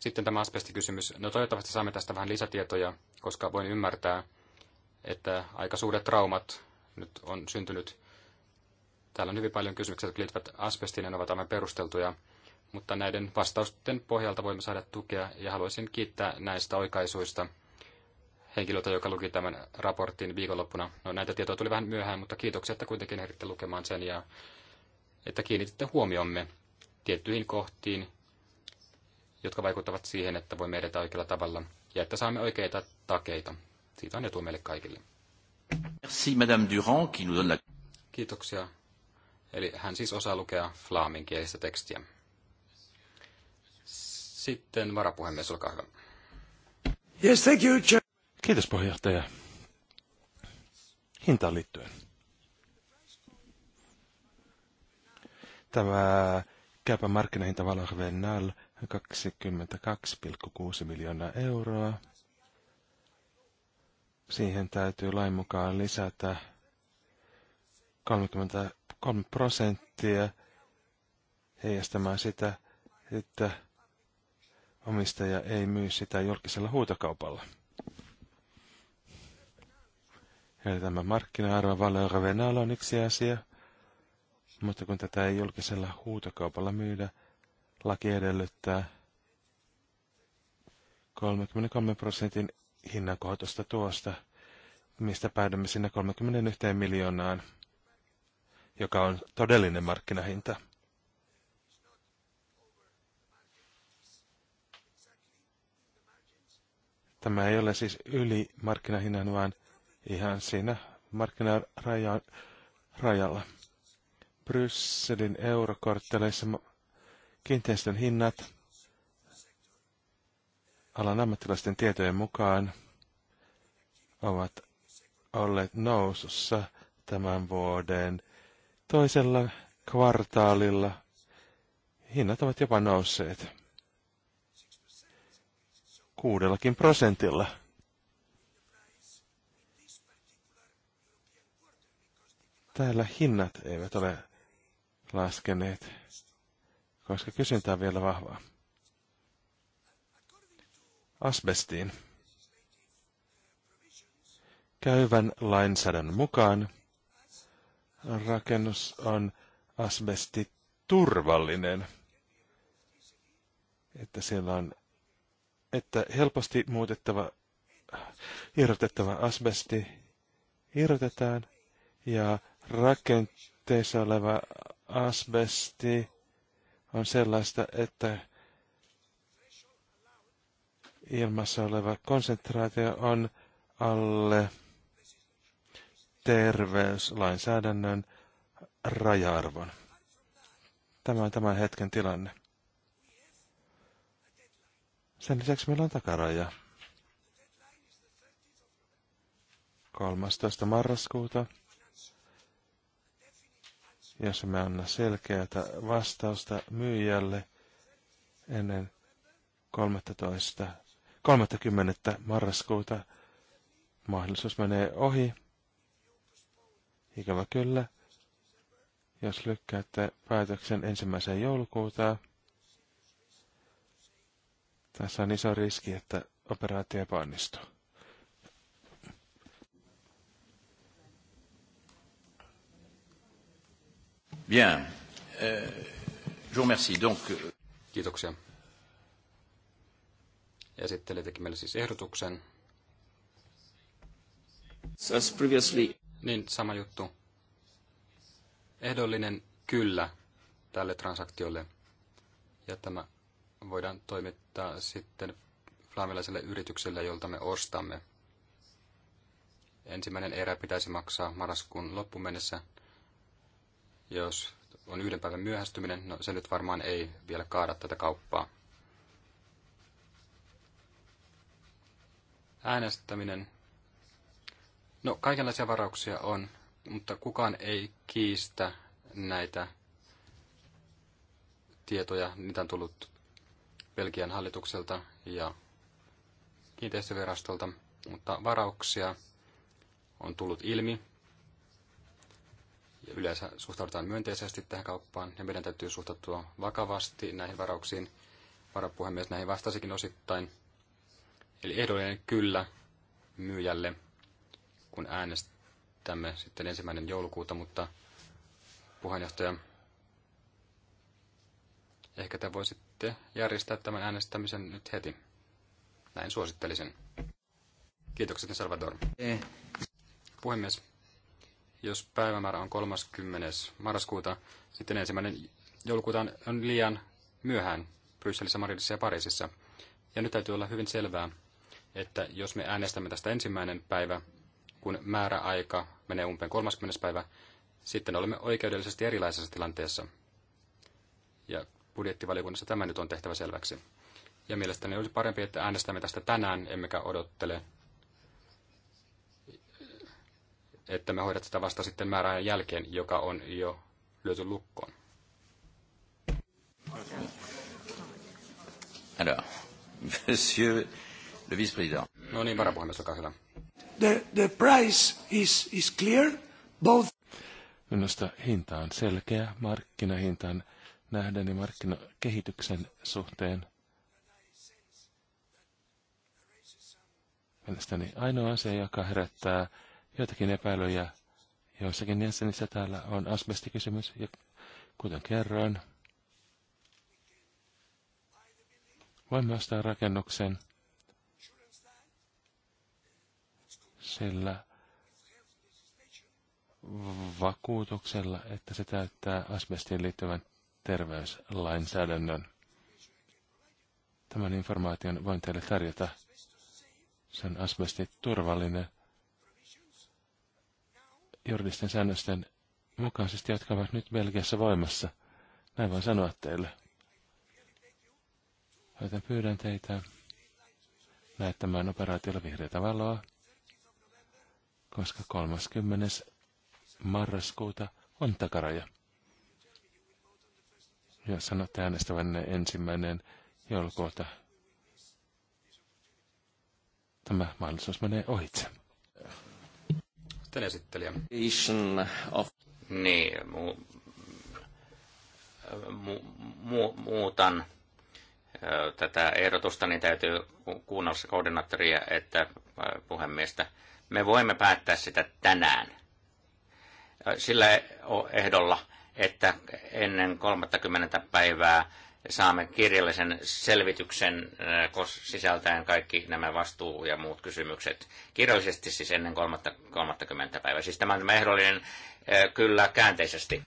Sitten tämä asbestikysymys. No toivottavasti saamme tästä vähän lisätietoja, koska voin ymmärtää, että aika suuret traumat nyt on syntynyt. Täällä on hyvin paljon kysymyksiä, jotka liittyvät asbestiin ja ne ovat aivan perusteltuja, mutta näiden vastausten pohjalta voimme saada tukea ja haluaisin kiittää näistä oikaisuista henkilöltä, joka luki tämän raportin viikonloppuna. No näitä tietoja tuli vähän myöhään, mutta kiitoksia, että kuitenkin ehditte lukemaan sen ja että kiinnititte huomiomme tiettyihin kohtiin, jotka vaikuttavat siihen, että voimme edetä oikealla tavalla ja että saamme oikeita takeita. Siitä on etu meille kaikille. Merci, Madame Durand, qui nous donne la... Kiitoksia. Eli hän siis osaa lukea flaaminkielistä tekstiä. Sitten varapuhemies, olkaa hyvä. Yes, thank you, Kiitos puheenjohtaja. Hintaan liittyen. Tämä käypä markkinahinta Valorvenal 22,6 miljoonaa euroa. Siihen täytyy lain mukaan lisätä 33 prosenttia heijastamaan sitä, että omistaja ei myy sitä julkisella huutokaupalla. Eli tämä markkina-arvo Valeur Venäjällä on yksi asia, mutta kun tätä ei julkisella huutokaupalla myydä, laki edellyttää 33 prosentin hinnankohotusta tuosta, mistä päädymme sinne 31 miljoonaan, joka on todellinen markkinahinta. Tämä ei ole siis yli markkinahinnan, vaan ihan siinä markkinarajalla. Brysselin eurokortteleissa kiinteistön hinnat alan ammattilaisten tietojen mukaan ovat olleet nousussa tämän vuoden toisella kvartaalilla. Hinnat ovat jopa nousseet kuudellakin prosentilla. täällä hinnat eivät ole laskeneet, koska kysyntä on vielä vahvaa. Asbestiin. Käyvän lainsäädännön mukaan rakennus on asbestiturvallinen, että siellä on että helposti muutettava, irrotettava asbesti irrotetaan ja rakenteissa oleva asbesti on sellaista, että ilmassa oleva konsentraatio on alle terveyslainsäädännön raja-arvon. Tämä on tämän hetken tilanne. Sen lisäksi meillä on takaraja. 13. marraskuuta jos me anna selkeää vastausta myyjälle ennen 13. 30. marraskuuta. Mahdollisuus menee ohi. Ikävä kyllä. Jos lykkäätte päätöksen ensimmäiseen joulukuuta, tässä on iso riski, että operaatio epäonnistuu. Bien. Euh, je vous remercie. Donc... Euh, Kiitoksia. Esittelijä teki meille siis ehdotuksen. As previously. Niin, sama juttu. Ehdollinen kyllä tälle transaktiolle. Ja tämä voidaan toimittaa sitten flamilaiselle yritykselle, jolta me ostamme. Ensimmäinen erä pitäisi maksaa marraskuun loppumennessä mennessä – jos on yhden päivän myöhästyminen, no se nyt varmaan ei vielä kaada tätä kauppaa. Äänestäminen. No, kaikenlaisia varauksia on, mutta kukaan ei kiistä näitä tietoja. Niitä on tullut Belgian hallitukselta ja kiinteistövirastolta, mutta varauksia on tullut ilmi yleensä suhtaudutaan myönteisesti tähän kauppaan ja meidän täytyy suhtautua vakavasti näihin varauksiin. Varapuhemies näihin vastasikin osittain. Eli ehdollinen kyllä myyjälle, kun äänestämme sitten ensimmäinen joulukuuta, mutta puheenjohtaja, ehkä te voisitte järjestää tämän äänestämisen nyt heti. Näin suosittelisin. Kiitokset Salvador. Eh. Puhemies, jos päivämäärä on 30. marraskuuta, sitten ensimmäinen joulukuuta on liian myöhään Brysselissä, Marilissa ja Pariisissa. Ja nyt täytyy olla hyvin selvää, että jos me äänestämme tästä ensimmäinen päivä, kun määräaika menee umpeen 30. päivä, sitten olemme oikeudellisesti erilaisessa tilanteessa. Ja budjettivaliokunnassa tämä nyt on tehtävä selväksi. Ja mielestäni olisi parempi, että äänestämme tästä tänään, emmekä odottele että me hoidat sitä vasta sitten määräajan jälkeen, joka on jo lyöty lukkoon. Alors, monsieur le vice-président. No niin, varapuhemies, olkaa hyvä. The, the price is, is clear, both... Minusta hinta on selkeä markkinahintaan nähden ja markkinakehityksen suhteen. Mielestäni ainoa asia, joka herättää joitakin epäilyjä. Joissakin jäsenissä täällä on asbestikysymys, ja kuten kerroin, voimme ostaa rakennuksen, sillä vakuutuksella, että se täyttää asbestiin liittyvän terveyslainsäädännön. Tämän informaation voin teille tarjota. Sen asbesti turvallinen juridisten säännösten mukaisesti, jotka ovat nyt Belgiassa voimassa. Näin voin sanoa teille. Joten pyydän teitä lähettämään operaatiolla vihreitä valoa, koska 30. marraskuuta on takaraja. Ja sanotte äänestävänne ensimmäinen joulukuuta. Tämä mahdollisuus menee ohitse sitten esittelijä. of... Niin, mu, mu, mu, muutan tätä ehdotusta, niin täytyy kuunnella se koordinaattoria, että puhemiestä. Me voimme päättää sitä tänään. Sillä ehdolla, että ennen 30. päivää saamme kirjallisen selvityksen äh, sisältäen kaikki nämä vastuu ja muut kysymykset kirjallisesti siis ennen 30. päivää. Siis tämä on ehdollinen äh, kyllä käänteisesti.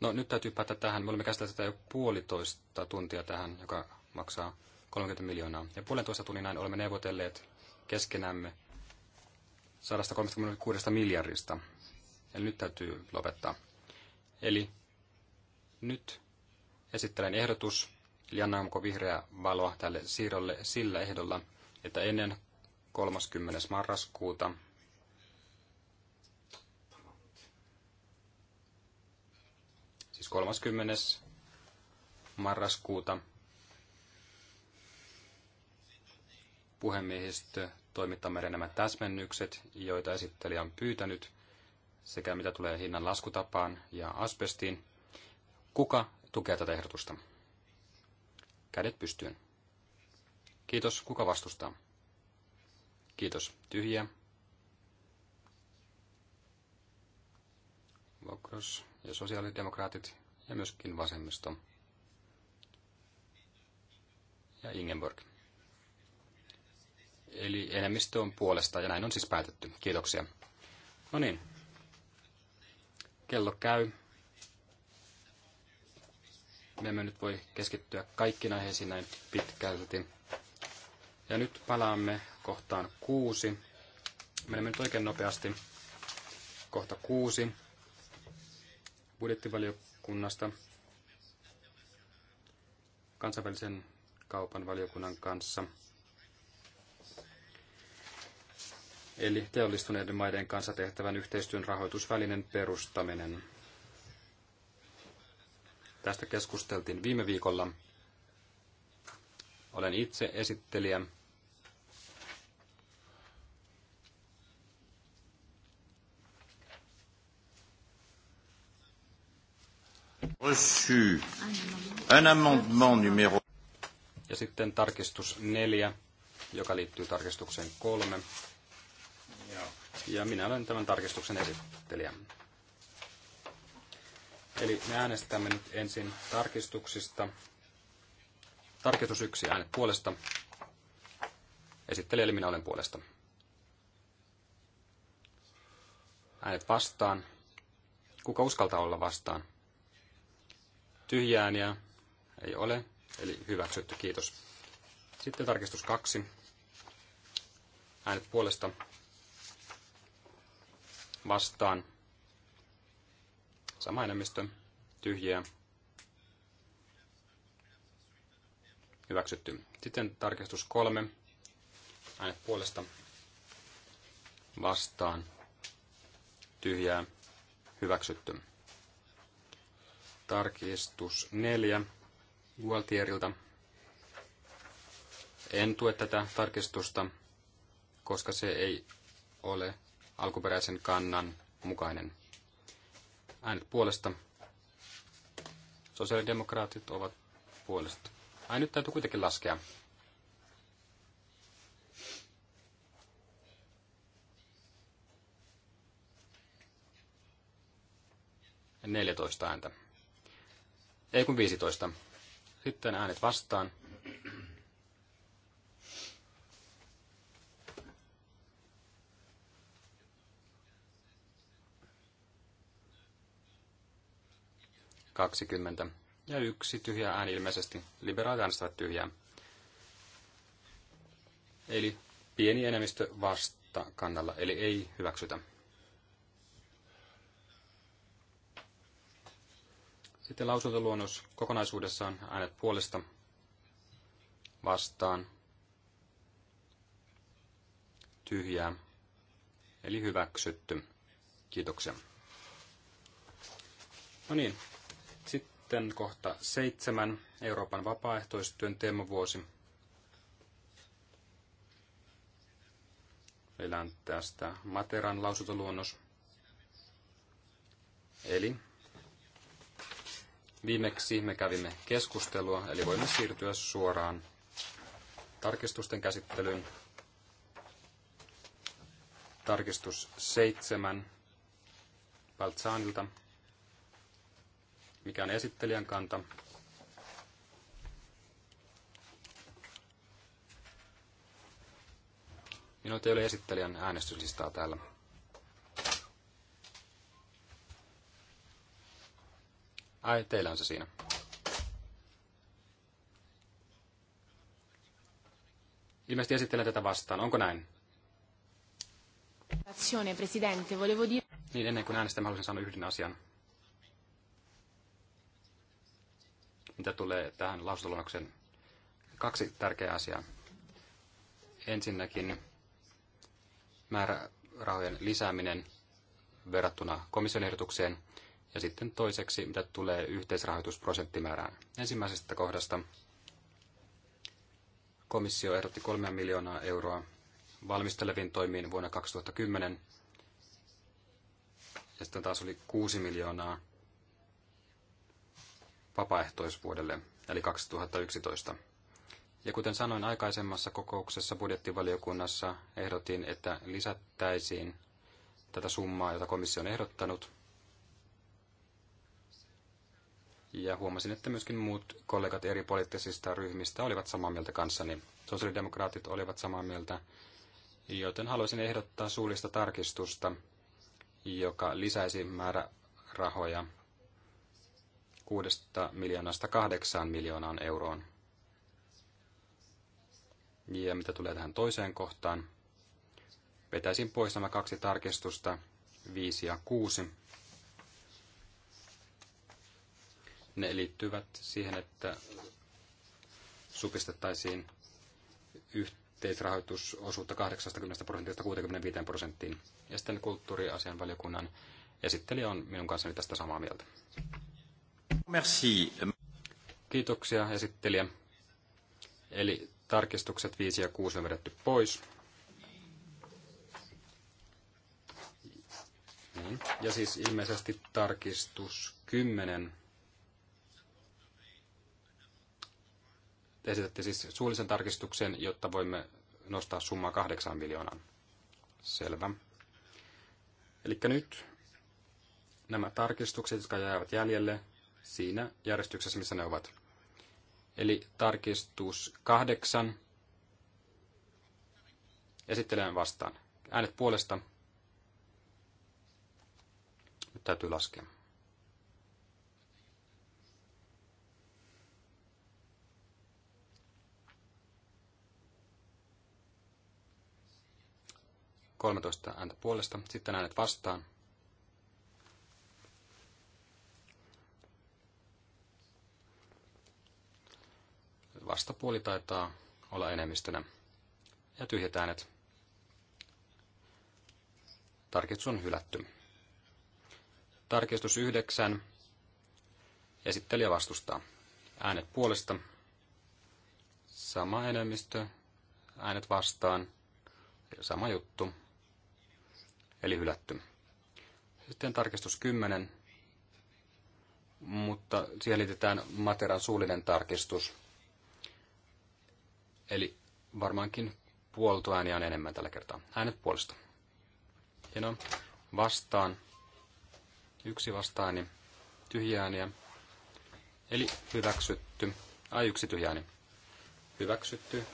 No nyt täytyy päättää tähän. Me olemme käsitelleet tätä jo puolitoista tuntia tähän, joka maksaa 30 miljoonaa. Ja puolentoista tunnin näin olemme neuvotelleet keskenämme 136 miljardista. Eli nyt täytyy lopettaa. Eli nyt esittelen ehdotus, eli annanko vihreä valoa tälle siirrolle sillä ehdolla, että ennen 30. marraskuuta siis 30. marraskuuta puhemiehistö toimittaa meidän nämä täsmennykset, joita esittelijä on pyytänyt, sekä mitä tulee hinnan laskutapaan ja asbestiin. Kuka tukea tätä ehdotusta? Kädet pystyyn. Kiitos. Kuka vastustaa? Kiitos. Tyhjiä. Vokros ja sosiaalidemokraatit ja myöskin vasemmisto. Ja Ingeborg. Eli enemmistö on puolesta ja näin on siis päätetty. Kiitoksia. No niin. Kello käy. Me emme nyt voi keskittyä kaikkiin aiheisiin näin pitkälti. Ja nyt palaamme kohtaan kuusi. Menemme nyt oikein nopeasti. Kohta kuusi budjettivaliokunnasta kansainvälisen kaupan valiokunnan kanssa. Eli teollistuneiden maiden kanssa tehtävän yhteistyön rahoitusvälinen perustaminen. Tästä keskusteltiin viime viikolla. Olen itse esittelijä. un amendement numéro... Ja sitten tarkistus neljä, joka liittyy tarkistukseen kolme. Ja minä olen tämän tarkistuksen esittelijä. Eli me äänestämme nyt ensin tarkistuksista. Tarkistus yksi äänet puolesta. Esittelijä, eli minä olen puolesta. Äänet vastaan. Kuka uskaltaa olla vastaan? Tyhjääniä ei ole, eli hyväksytty, kiitos. Sitten tarkistus kaksi. Äänet puolesta vastaan Sama enemmistö. Tyhjiä. Hyväksytty. Sitten tarkistus kolme. Äänet puolesta. Vastaan. Tyhjää. Hyväksytty. Tarkistus neljä. Gualtierilta. En tue tätä tarkistusta, koska se ei ole alkuperäisen kannan mukainen. Äänet puolesta. Sosiaalidemokraatit ovat puolesta. Ai nyt täytyy kuitenkin laskea. Ja 14 ääntä. Ei kun 15. Sitten äänet vastaan. 20 ja yksi tyhjä ääni ilmeisesti. Liberaalit äänestävät tyhjää. Eli pieni enemmistö vasta kannalla, eli ei hyväksytä. Sitten lausuntoluonnos kokonaisuudessaan äänet puolesta vastaan tyhjää, eli hyväksytty. Kiitoksia. No niin, sitten kohta seitsemän, Euroopan vapaaehtoistyön teemavuosi. Meillä on tästä Materan lausuntoluonnos. Eli viimeksi me kävimme keskustelua, eli voimme siirtyä suoraan tarkistusten käsittelyyn. Tarkistus seitsemän Baltsaanilta mikä on esittelijän kanta. Minulla ei ole esittelijän äänestyslistaa täällä. Ai, teillä on se siinä. Ilmeisesti esittelen tätä vastaan. Onko näin? Niin, ennen kuin äänestämme, haluaisin sanoa yhden asian. mitä tulee tähän lausuntoluonnoksen kaksi tärkeää asiaa. Ensinnäkin määrärahojen lisääminen verrattuna komission ehdotukseen ja sitten toiseksi, mitä tulee yhteisrahoitusprosenttimäärään. Ensimmäisestä kohdasta komissio ehdotti 3 miljoonaa euroa valmisteleviin toimiin vuonna 2010 ja sitten taas oli 6 miljoonaa vapaaehtoisvuodelle, eli 2011. Ja kuten sanoin aikaisemmassa kokouksessa budjettivaliokunnassa, ehdotin, että lisättäisiin tätä summaa, jota komissio on ehdottanut. Ja huomasin, että myöskin muut kollegat eri poliittisista ryhmistä olivat samaa mieltä kanssani. Sosiaalidemokraatit olivat samaa mieltä, joten haluaisin ehdottaa suullista tarkistusta, joka lisäisi määrärahoja kuudesta miljoonasta kahdeksaan miljoonaan euroon. Ja mitä tulee tähän toiseen kohtaan, vetäisin pois nämä kaksi tarkistusta, 5 ja 6. Ne liittyvät siihen, että supistettaisiin yhteisrahoitusosuutta 80 prosentista 65 prosenttiin. Ja sitten kulttuuriasian esittelijä on minun kanssani tästä samaa mieltä. Merci. Kiitoksia esittelijä. Eli tarkistukset 5 ja 6 on vedetty pois. Niin. Ja siis ilmeisesti tarkistus 10. Esitätte siis suullisen tarkistuksen, jotta voimme nostaa summaa 8 miljoonaan. Selvä. Eli nyt nämä tarkistukset, jotka jäävät jäljelle, siinä järjestyksessä, missä ne ovat. Eli tarkistus kahdeksan. Esittelen vastaan. Äänet puolesta. Nyt täytyy laskea. Kolmetoista ääntä puolesta, sitten äänet vastaan. vastapuoli taitaa olla enemmistönä. Ja tyhjät äänet. Tarkistus on hylätty. Tarkistus 9. Esittelijä vastustaa. Äänet puolesta. Sama enemmistö. Äänet vastaan. Sama juttu. Eli hylätty. Sitten tarkistus 10. Mutta siihen liitetään Materan suullinen tarkistus Eli varmaankin puoltu ääniä on enemmän tällä kertaa. Äänet puolesta. Hienoa. Vastaan. Yksi vastaani. Tyhjä ääniä. Eli hyväksytty. Ai yksi tyhjä ääni. Hyväksytty.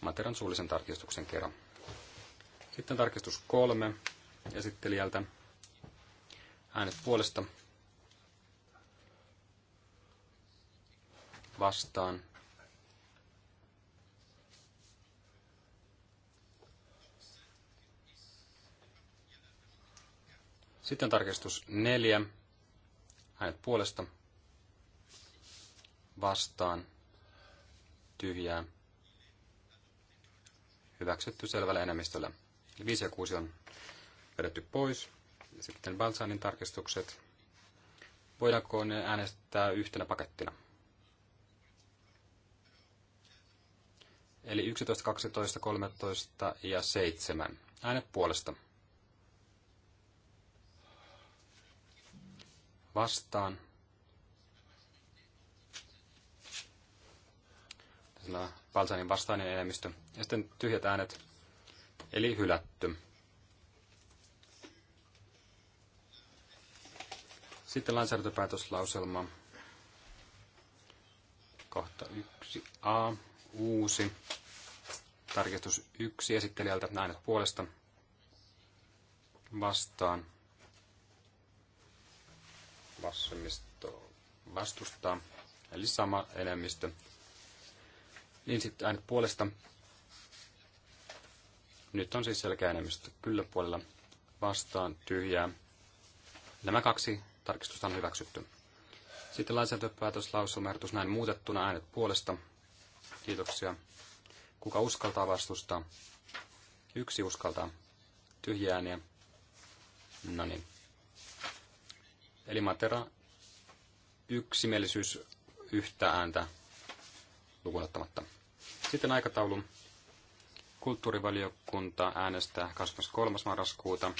Materan suullisen tarkistuksen kerran. Sitten tarkistus kolme esittelijältä. Äänet puolesta. Vastaan. Sitten tarkistus neljä. Hänet puolesta vastaan tyhjää. Hyväksytty selvällä enemmistöllä. Eli 5 ja 6 on vedetty pois. Sitten Balsanin tarkistukset. Voidaanko ne äänestää yhtenä pakettina? Eli 11, 12, 13 ja 7. Äänet puolesta. vastaan. Tällä Balsanin vastainen enemmistö. Ja sitten tyhjät äänet, eli hylätty. Sitten lainsäädäntöpäätöslauselma. Kohta 1a, uusi. Tarkistus 1 esittelijältä äänet puolesta vastaan vasemmisto vastustaa, eli sama enemmistö. Niin sitten äänet puolesta. Nyt on siis selkeä enemmistö kyllä puolella vastaan tyhjää. Nämä kaksi tarkistusta on hyväksytty. Sitten lainsäädäntöpäätöslauselmaehdotus näin muutettuna äänet puolesta. Kiitoksia. Kuka uskaltaa vastustaa? Yksi uskaltaa. Tyhjääniä. No niin, Eli Matera yksimielisyys yhtä ääntä ottamatta. Sitten aikataulu. Kulttuurivaliokunta äänestää 23. marraskuuta,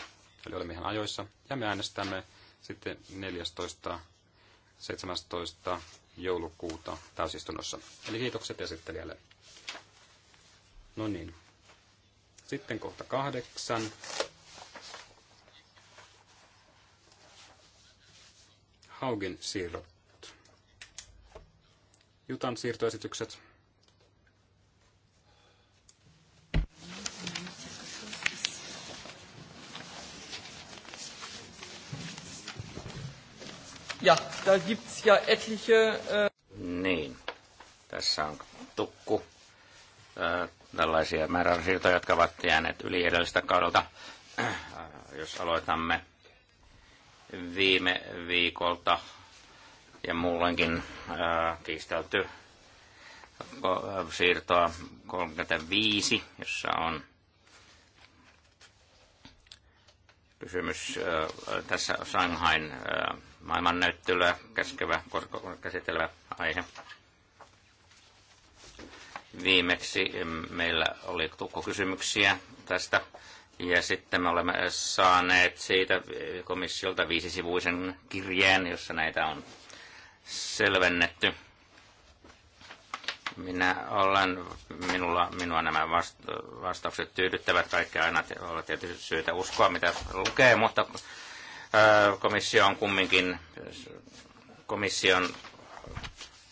eli olemme ihan ajoissa, ja me äänestämme sitten 14. 17. joulukuuta täysistunnossa. Eli kiitokset esittelijälle. No niin. Sitten kohta kahdeksan. Haugin siirrot. Jutan siirtoesitykset. Ja, da gibt's ja etliche... Äh... Niin, tässä on tukku äh, tällaisia määräsiirtoja, jotka ovat jääneet yli edellisestä kaudelta. Äh, jos aloitamme viime viikolta ja muulloinkin kiistelty siirtoa 35, jossa on kysymys tässä Shanghain maailmannäyttelyä käskevä, käsittelevä aihe. Viimeksi meillä oli tukkokysymyksiä tästä ja sitten me olemme saaneet siitä komissiolta viisisivuisen kirjeen, jossa näitä on selvennetty. Minä olen, minulla, minua nämä vasta, vastaukset tyydyttävät kaikki aina, olla tietysti syytä uskoa mitä lukee, mutta komissio on kumminkin, komission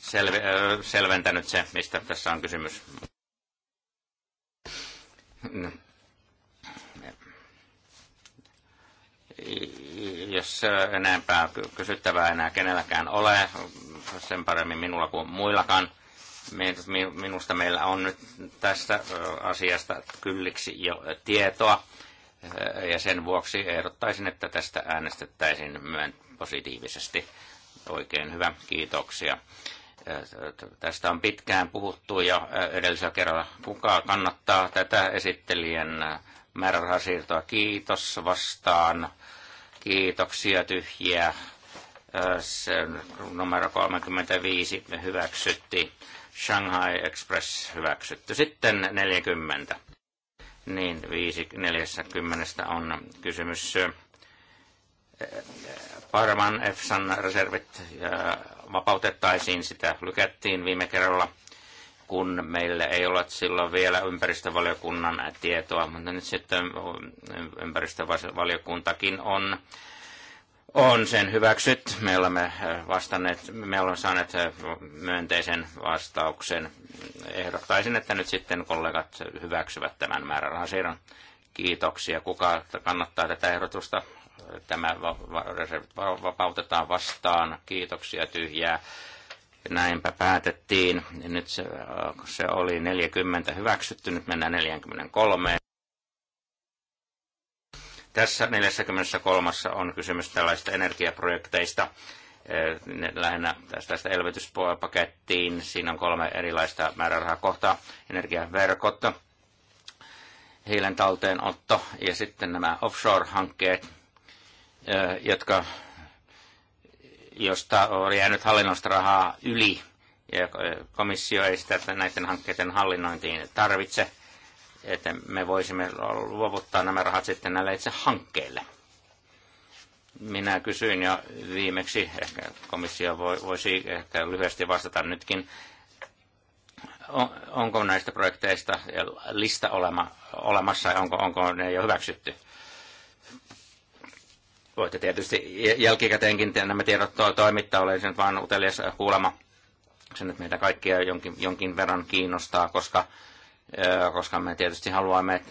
sel, selventänyt se, mistä tässä on kysymys jos äh, enempää kysyttävää enää kenelläkään ole, sen paremmin minulla kuin muillakaan, minusta meillä on nyt tästä asiasta kylliksi jo tietoa, äh, ja sen vuoksi ehdottaisin, että tästä äänestettäisiin positiivisesti. Oikein hyvä, kiitoksia. Äh, tästä on pitkään puhuttu jo edellisellä kerralla. Kuka kannattaa tätä esittelijän määrärahasiirtoa? Kiitos vastaan. Kiitoksia tyhjiä. Sen numero 35 hyväksytti. Shanghai Express hyväksytty. Sitten 40. Niin, 40 on kysymys. Parman EFSAn reservit vapautettaisiin, sitä lykättiin viime kerralla – kun meillä ei ole silloin vielä ympäristövaliokunnan tietoa, mutta nyt sitten ympäristövaliokuntakin on, on sen hyväksyt. Me olemme äh, vastanneet, me olemme saaneet äh, myönteisen vastauksen. Ehdottaisin, että nyt sitten kollegat hyväksyvät tämän määrärahasiirron. Kiitoksia. Kuka kannattaa tätä ehdotusta? Tämä reservit vapautetaan vastaan. Kiitoksia. Tyhjää Näinpä päätettiin. Nyt se, äh, se oli 40 hyväksytty, nyt mennään 43. Tässä 43 on kysymys tällaista energiaprojekteista, äh, lähinnä tästä elvytyspakettiin. Siinä on kolme erilaista määrärahakohtaa, energiaverkot, hiilen talteenotto ja sitten nämä offshore-hankkeet, äh, jotka josta on jäänyt hallinnosta rahaa yli. Ja komissio ei sitä näiden hankkeiden hallinnointiin tarvitse, että me voisimme luovuttaa nämä rahat sitten näille itse hankkeille. Minä kysyin jo viimeksi, ehkä komissio voisi ehkä lyhyesti vastata nytkin, onko näistä projekteista lista olemassa ja onko, onko ne jo hyväksytty? Voitte tietysti jälkikäteenkin nämä tiedot toimittaa, olen sen vaan utelias äh, kuulema. Se nyt meitä kaikkia jonkin, jonkin verran kiinnostaa, koska, äh, koska me tietysti haluamme,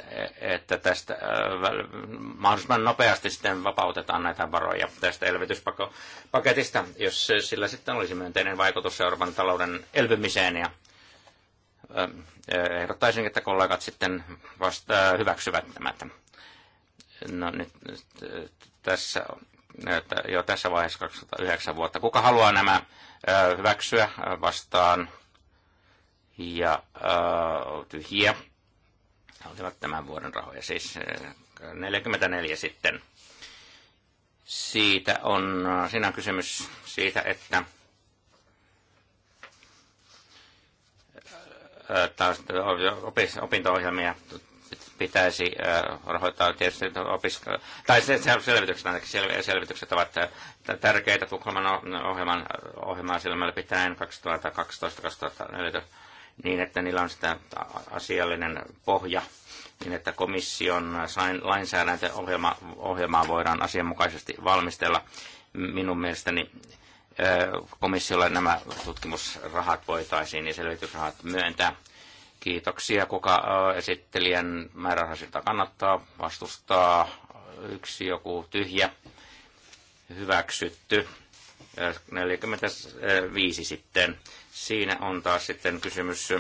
että tästä äh, mahdollisimman nopeasti sitten vapautetaan näitä varoja tästä elvytyspaketista, jos sillä sitten olisi myönteinen vaikutus Euroopan talouden elpymiseen ja ehdottaisin, että kollegat sitten vasta hyväksyvät tämän. No nyt, nyt tässä, jo tässä vaiheessa 2009 vuotta. Kuka haluaa nämä hyväksyä vastaan ja tyhjiä? Olivat tämän vuoden rahoja, siis 44 sitten. Siitä on, siinä on kysymys siitä, että opinto-ohjelmia pitäisi rahoittaa tietysti opiskella. tai se selvitykset, ainakin selvitykset ovat tärkeitä Tukholman ohjelman, ohjelmaa silmällä pitäen 2012-2014 niin, että niillä on sitä asiallinen pohja, niin että komission lainsäädäntöohjelmaa ohjelmaa voidaan asianmukaisesti valmistella. Minun mielestäni komissiolle nämä tutkimusrahat voitaisiin ja selvitysrahat myöntää Kiitoksia, kuka esittelijän määrärahasilta kannattaa, vastustaa, yksi joku tyhjä, hyväksytty. 45 sitten. Siinä on taas sitten kysymys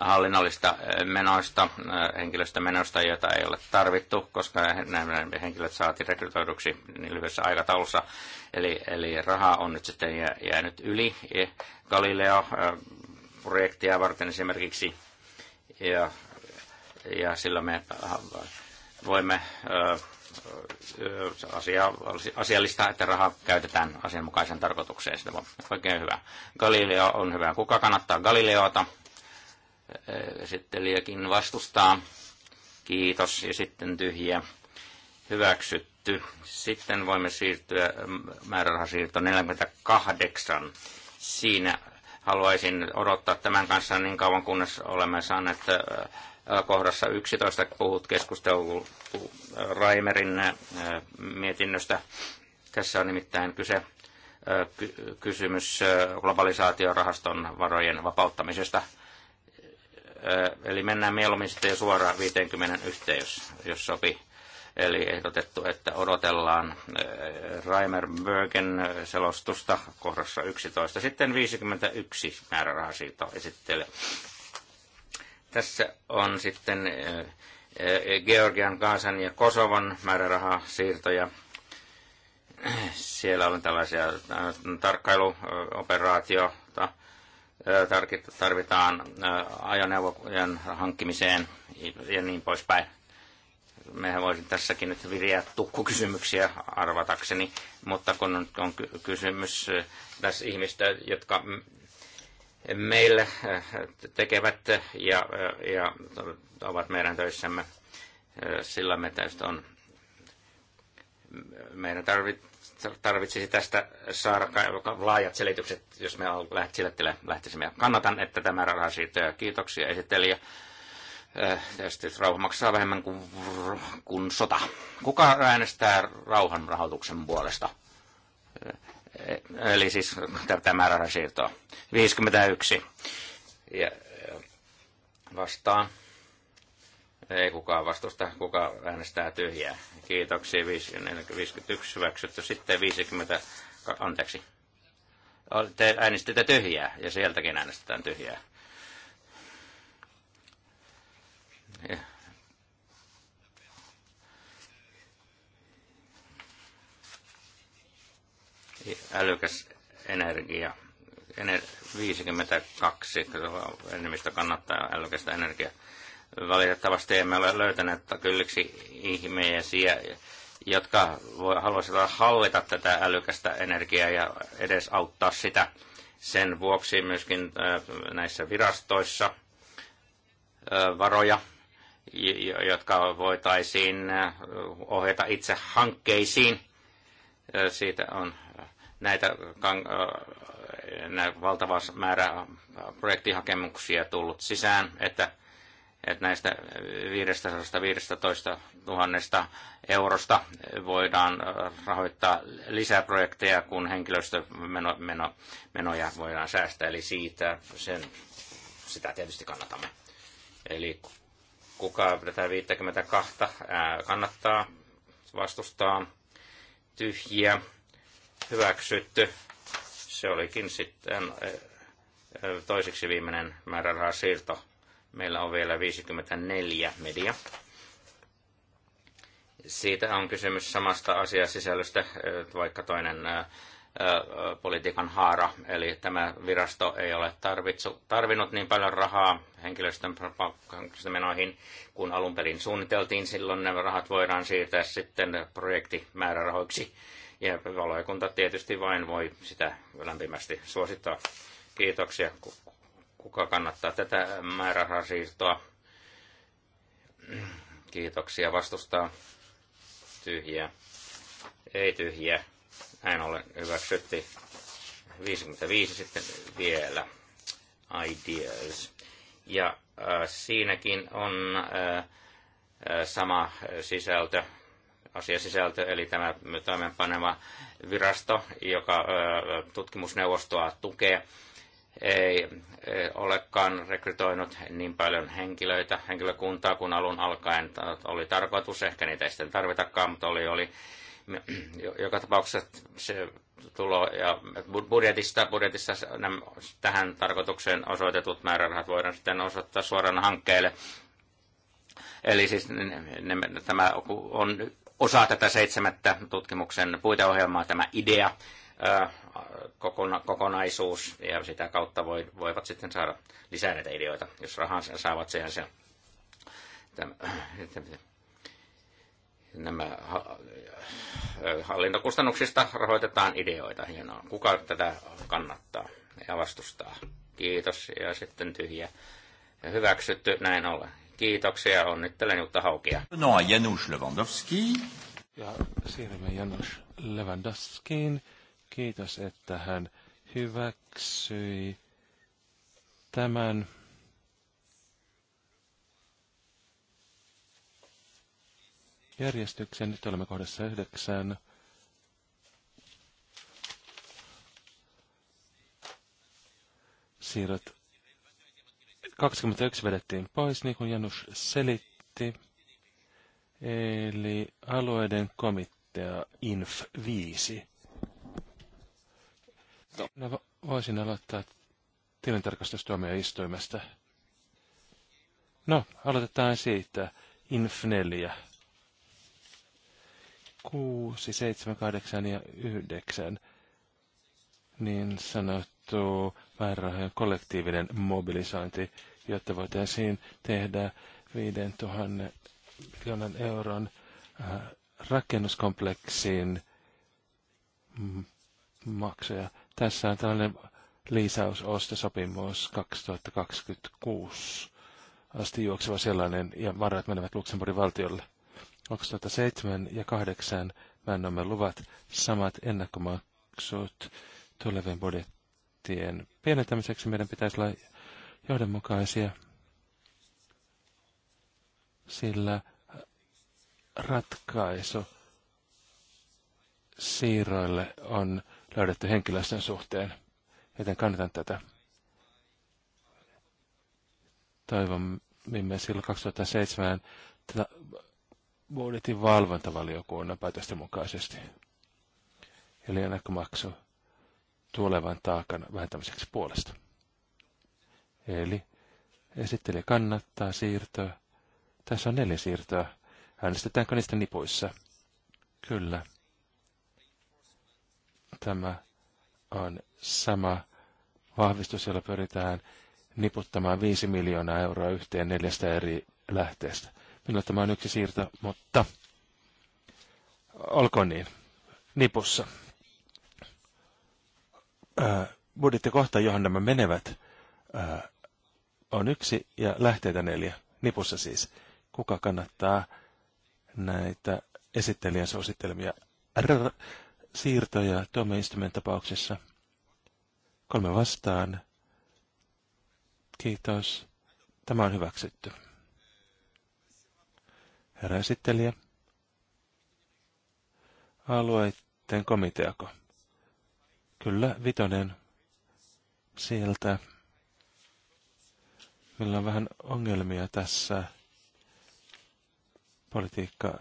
hallinnollista menoista, henkilöstömenoista, joita ei ole tarvittu, koska nämä henkilöt saatiin rekrytoiduksi niin lyhyessä aikataulussa. Eli, eli rahaa on nyt sitten jäänyt yli. E, Galileo projektia varten esimerkiksi. Ja, ja sillä me voimme asia, asiallista, että raha käytetään asianmukaisen tarkoitukseen. Sitä on oikein hyvä. Galileo on hyvä. Kuka kannattaa Galileota? Esittelijäkin vastustaa. Kiitos. Ja sitten tyhjiä. Hyväksytty. Sitten voimme siirtyä määrärahasiirto 48. Siinä haluaisin odottaa tämän kanssa niin kauan, kunnes olemme saaneet kohdassa 11 puhut keskustelu Raimerin mietinnöstä. Tässä on nimittäin kyse kysymys globalisaatiorahaston varojen vapauttamisesta. Eli mennään mieluummin sitten jo suoraan 51, jos, jos sopii. Eli ehdotettu, että odotellaan eh, Bergen eh, selostusta kohdassa 11. Sitten 51 määrärahasiirto esittelee. Tässä on sitten eh, Georgian, Kaasan ja Kosovan määrärahasiirtoja. Siellä on tällaisia tarkkailuoperaatioita. Tarvitaan ajoneuvojen hankkimiseen ja niin poispäin mehän voisin tässäkin nyt viriä tukkukysymyksiä arvatakseni, mutta kun on, on kysymys äh, tässä ihmistä, jotka meille äh, tekevät ja, äh, ja ovat meidän töissämme, sillä me on, meidän tarvitsisi tästä saada laajat selitykset, jos me lähtisimme. Kannatan, että tämä raha siitä Kiitoksia esittelijä. Äh, Tietysti rauha maksaa vähemmän kuin, kuin sota. Kuka äänestää rauhan rahoituksen puolesta? Äh, äh, eli siis tämä siirtoa. 51. Ja vastaan. Ei kukaan vastusta, kuka äänestää tyhjää. Kiitoksia. 51 hyväksytty. Sitten 50, anteeksi. Te äänestitte tyhjää ja sieltäkin äänestetään tyhjää. älykäs energia. Ener- 52 enemmistö kannattaa älykästä energiaa. Valitettavasti emme ole löytäneet kylliksi ihmeisiä, jotka haluaisivat hallita tätä älykästä energiaa ja edes auttaa sitä. Sen vuoksi myöskin äh, näissä virastoissa äh, varoja jotka voitaisiin äh, ohjata itse hankkeisiin. Äh, siitä on äh, näitä valtava määrä projektihakemuksia tullut sisään, että, että näistä 515 000 eurosta voidaan rahoittaa lisäprojekteja, kun henkilöstömenoja voidaan säästää. Eli siitä sen, sitä tietysti kannatamme. Eli kuka tätä 52 kannattaa, vastustaa, tyhjiä, hyväksytty. Se olikin sitten toiseksi viimeinen siirto Meillä on vielä 54 media. Siitä on kysymys samasta asiasisällöstä, vaikka toinen politiikan haara, eli tämä virasto ei ole tarvitsu, tarvinnut niin paljon rahaa henkilöstön menoihin, kun alun perin suunniteltiin. Silloin nämä rahat voidaan siirtää sitten projektimäärärahoiksi, ja valiokunta tietysti vain voi sitä lämpimästi suosittaa. Kiitoksia, kuka kannattaa tätä määrärahasiirtoa. Kiitoksia, vastustaa tyhjiä. Ei tyhjiä näin ollen hyväksytti 55 sitten vielä ideas. Ja äh, siinäkin on äh, äh, sama sisältö, asiasisältö, eli tämä toimeenpanema virasto, joka äh, tutkimusneuvostoa tukee, ei olekaan rekrytoinut niin paljon henkilöitä, henkilökuntaa kun alun alkaen oli tarkoitus. Ehkä niitä ei sitten tarvitakaan, mutta oli, oli joka tapauksessa se tulo ja budjetista, budjetissa tähän tarkoitukseen osoitetut määrärahat voidaan sitten osoittaa suoraan hankkeelle. Eli siis ne, ne, tämä on osa tätä seitsemättä tutkimuksen puiteohjelmaa, tämä idea, kokona, kokonaisuus, ja sitä kautta voi, voivat sitten saada lisää näitä ideoita, jos rahaa saavat siihen se nämä äh, hallintokustannuksista rahoitetaan ideoita. Hienoa. Kuka tätä kannattaa ja vastustaa? Kiitos. Ja sitten tyhjä. Ja hyväksytty näin ollen. Kiitoksia. Onnittelen Jutta Haukia. No, Janusz Lewandowski. Ja siirrymme Janusz Lewandowskiin. Kiitos, että hän hyväksyi tämän järjestykseen. Nyt olemme kohdassa yhdeksän. Siirrot 21 vedettiin pois, niin kuin Janus selitti. Eli alueiden komitea INF 5. No, voisin aloittaa tilintarkastustuomioistuimesta. No, aloitetaan siitä. INF 4. 6, 7, 8 ja 9 niin sanottu määrärahojen kollektiivinen mobilisointi, jotta voitaisiin tehdä 5000 miljoonan euron äh, rakennuskompleksiin maksuja. Tässä on tällainen lisäysostosopimus 2026 asti juokseva sellainen, ja varat menevät Luxemburgin valtiolle. 2007 ja 2008 männämme luvat samat ennakkomaksut tulevien budjettien pienentämiseksi. Meidän pitäisi olla johdonmukaisia, sillä ratkaisu siirroille on löydetty henkilöstön suhteen, joten kannatan tätä. Toivomme silloin 2007 budjetin valvontavaliokunnan päätösten mukaisesti. Eli maksu tulevan taakan vähentämiseksi puolesta. Eli esittelijä kannattaa siirtoa. Tässä on neljä siirtoa. Äänestetäänkö niistä nipuissa? Kyllä. Tämä on sama vahvistus, jolla pyritään niputtamaan 5 miljoonaa euroa yhteen neljästä eri lähteestä. Minulle tämä on yksi siirto, mutta olkoon niin. Nipussa. Ää, budjettikohta, johon nämä menevät, äh, on yksi ja lähteitä neljä. Nipussa siis. Kuka kannattaa näitä esittelijän suosittelemia siirtoja tuomioistuimen tapauksessa? Kolme vastaan. Kiitos. Tämä on hyväksytty. Herra esittelijä. Alueiden komiteako? Kyllä, vitonen. Sieltä. Meillä on vähän ongelmia tässä politiikka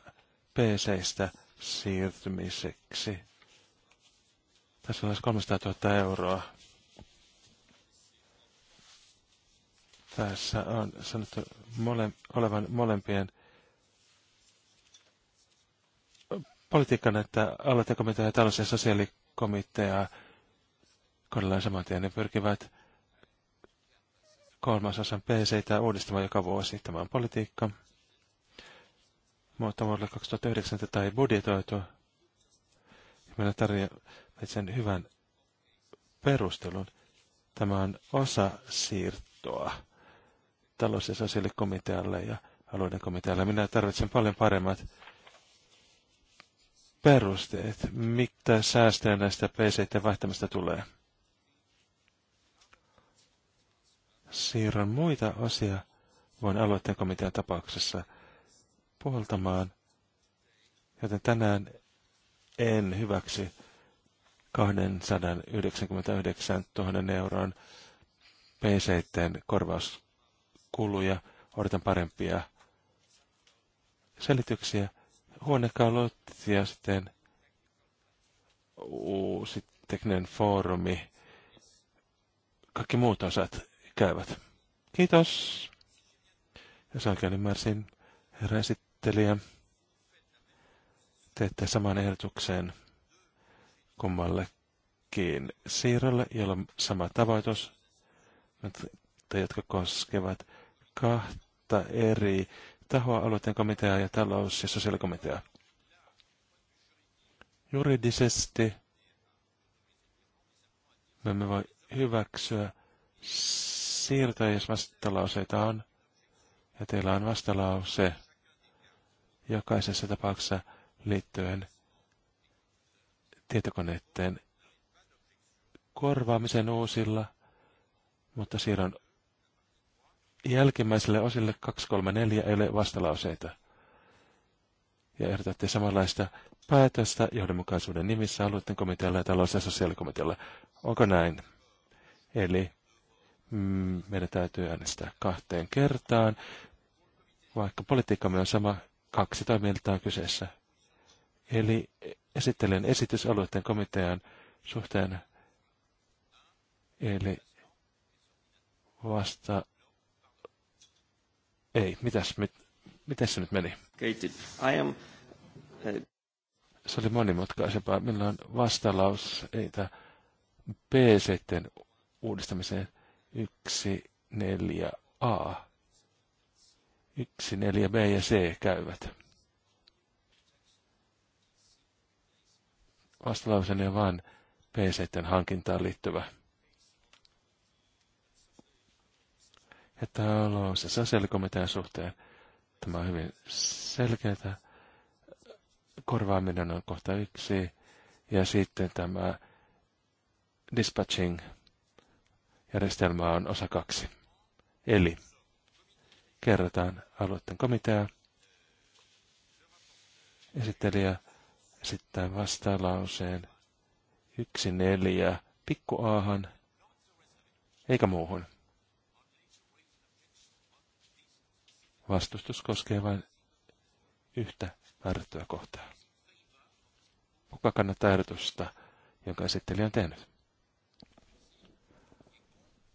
PCistä siirtymiseksi. Tässä on 300 000 euroa. Tässä on sanottu mole, olevan molempien politiikan, että aloitekomitea ja talous- ja sosiaalikomitea kohdellaan saman tien. Ne pyrkivät kolmasosan PCtä uudistamaan joka vuosi. Tämä on politiikka. Mutta vuodelle 2009 tätä ei budjetoitu. Ja meillä tarjoaa sen hyvän perustelun. Tämä on osa siirtoa talous- ja sosiaalikomitealle ja alueiden komitealle. Minä tarvitsen paljon paremmat perusteet, mitä säästöjä näistä pc vaihtamista tulee. Siirron muita osia voin aloitteen komitean tapauksessa puoltamaan, joten tänään en hyväksy 299 000 euron pc korvauskuluja. Odotan parempia selityksiä huonekalut ja sitten uusi tekninen foorumi. Kaikki muut osat käyvät. Kiitos. Jos oikein ymmärsin, herra esittelijä, teette saman ehdotuksen kummallekin siirrolle, jolla on sama tavoitus, jotka koskevat kahta eri tahoa, alueiden komitea ja talous- ja sosiaalikomitea. Juridisesti me emme voi hyväksyä siirtoja, jos vastalauseita on. Ja teillä on vastalause jokaisessa tapauksessa liittyen tietokoneiden korvaamisen uusilla, mutta siirron jälkimmäiselle osille 234 ei ole vastalauseita. Ja ehdotatte samanlaista päätöstä johdonmukaisuuden nimissä alueiden komitealla ja talous- ja sosiaalikomitealla. Onko näin? Eli mm, meidän täytyy äänestää kahteen kertaan, vaikka politiikkamme on sama kaksi toimiltaan kyseessä. Eli esittelen esitys alueiden komitean suhteen, eli vasta ei, mitäs, mit, miten se nyt meni? Katie, I am... Uh, se oli monimutkaisempaa. Meillä on vastalauseita b uudistamiseen 14 A. 14 B ja C käyvät. Vastalauseeni on vain PCTn hankintaan liittyvä. että ollaan se sosiaalikomitean suhteen. Tämä on hyvin selkeää. Korvaaminen on kohta yksi. Ja sitten tämä dispatching-järjestelmä on osa kaksi. Eli kerrotaan alueiden komitea. Esittelijä esittää vastalauseen yksi neljä pikku aahan, eikä muuhun. Vastustus koskee vain yhtä määrättyä kohtaa. Kuka kannattaa ehdotusta, jonka esittelijä on tehnyt?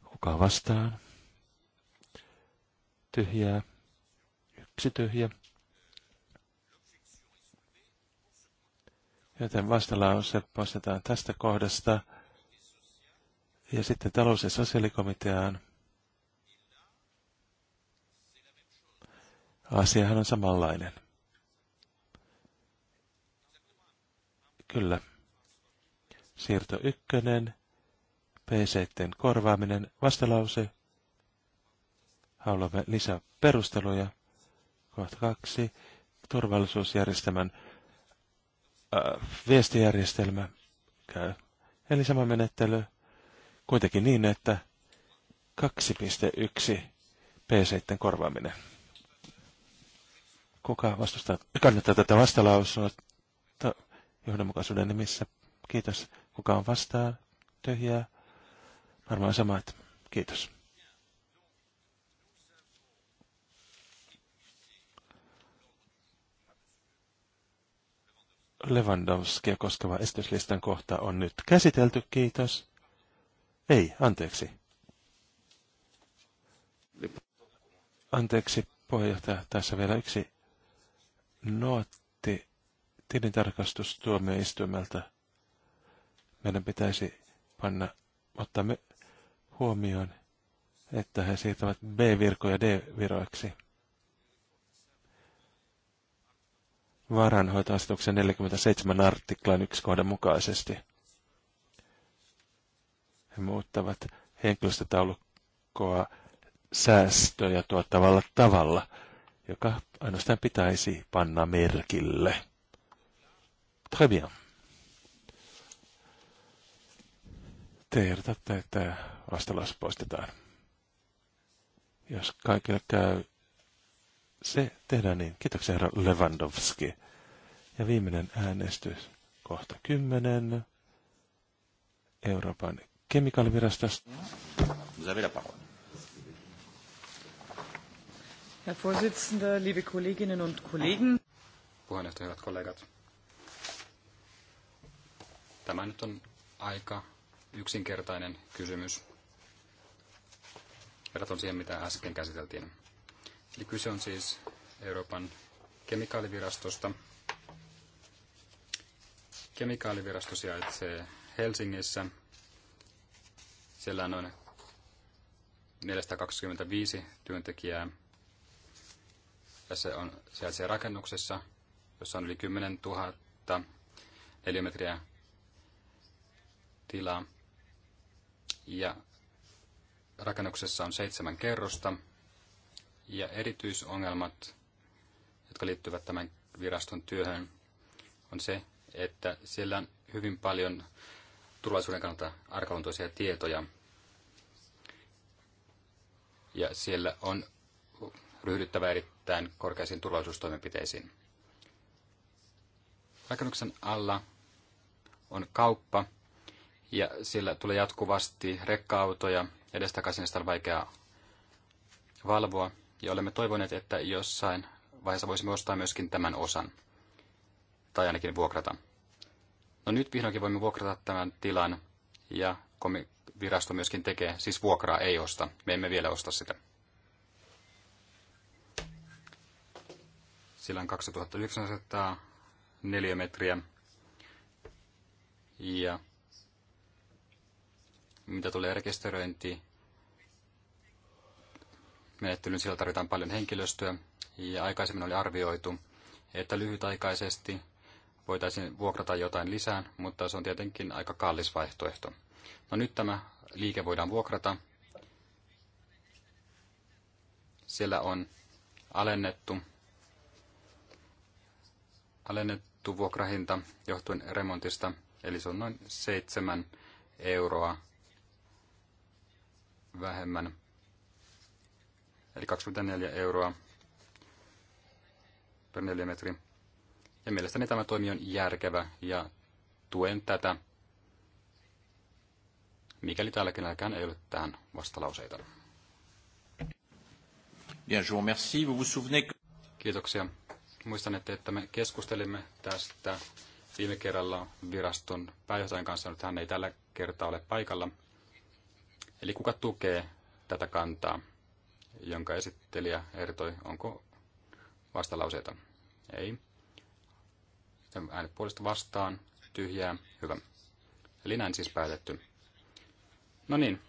Kuka vastaan? Tyhjää. Yksi tyhjä. Joten vastalause poistetaan tästä kohdasta ja sitten talous- ja sosiaalikomiteaan – Asiahan on samanlainen. Kyllä. Siirto ykkönen. PCTn korvaaminen. Vastalause. Haluamme lisää perusteluja. Kohta kaksi. Turvallisuusjärjestelmän äh, viestijärjestelmä käy. Eli sama menettely. Kuitenkin niin, että 2.1 PCTn korvaaminen. Kuka vastustaa, kannattaa tätä vastalausua johdonmukaisuuden nimissä? Kiitos. Kuka on vastaa? Tyhjää. Varmaan samat. Kiitos. Lewandowskia koskeva esityslistan kohta on nyt käsitelty, kiitos. Ei, anteeksi. Anteeksi, puheenjohtaja, tässä vielä yksi nootti tilintarkastustuomioistuimelta. Meidän pitäisi panna, ottaa me huomioon, että he siirtävät B-virkoja D-viroiksi. Vaaranhoitoasetuksen 47 artiklan 1 kohdan mukaisesti. He muuttavat henkilöstötaulukkoa säästöjä tuottavalla tavalla – joka ainoastaan pitäisi panna merkille. Très bien. Te ehdotatte, että vastalaus poistetaan. Jos kaikille käy se tehdään niin. Kiitoksia herra Lewandowski. Ja viimeinen äänestys kohta 10. Euroopan kemikaalivirastosta. Zavira avez Herr Vorsitzender, liebe Kolleginnen und Kollegen. Puheenjohtaja, hyvät kollegat. Tämä nyt on aika yksinkertainen kysymys verrattuna siihen, mitä äsken käsiteltiin. Eli kyse on siis Euroopan kemikaalivirastosta. Kemikaalivirasto sijaitsee Helsingissä. Siellä on noin 425 työntekijää – ja se on sijaitsee rakennuksessa, jossa on yli 10 000 neliömetriä tilaa. Ja rakennuksessa on seitsemän kerrosta ja erityisongelmat, jotka liittyvät tämän viraston työhön, on se, että siellä on hyvin paljon turvallisuuden kannalta arkaluontoisia tietoja. Ja siellä on ryhdyttävä erittäin korkeisiin turvallisuustoimenpiteisiin. Rakennuksen alla on kauppa ja sillä tulee jatkuvasti rekka-autoja. Edestakaisin sitä on vaikea valvoa ja olemme toivoneet, että jossain vaiheessa voisimme ostaa myöskin tämän osan tai ainakin vuokrata. No nyt vihdoinkin voimme vuokrata tämän tilan ja virasto myöskin tekee, siis vuokraa ei osta. Me emme vielä osta sitä. Sillä on 2900 neliömetriä. Ja mitä tulee rekisteröinti menettelyyn, sillä tarvitaan paljon henkilöstöä. Ja aikaisemmin oli arvioitu, että lyhytaikaisesti voitaisiin vuokrata jotain lisää, mutta se on tietenkin aika kallis vaihtoehto. No nyt tämä liike voidaan vuokrata. Siellä on alennettu alennettu vuokrahinta johtuen remontista, eli se on noin 7 euroa vähemmän, eli 24 euroa per neliömetri. Ja mielestäni tämä toimi on järkevä ja tuen tätä, mikäli täällä kenelläkään ei ole tähän vastalauseita. Bien, je vous remercie. Vous vous souvenez que... Kiitoksia. Muistan, että me keskustelimme tästä viime kerralla viraston pääjohtajan kanssa, nyt hän ei tällä kertaa ole paikalla. Eli kuka tukee tätä kantaa, jonka esittelijä Ertoi, onko vastalauseita? Ei. Äänet puolesta vastaan, tyhjää, hyvä. Eli näin siis päätetty. No niin,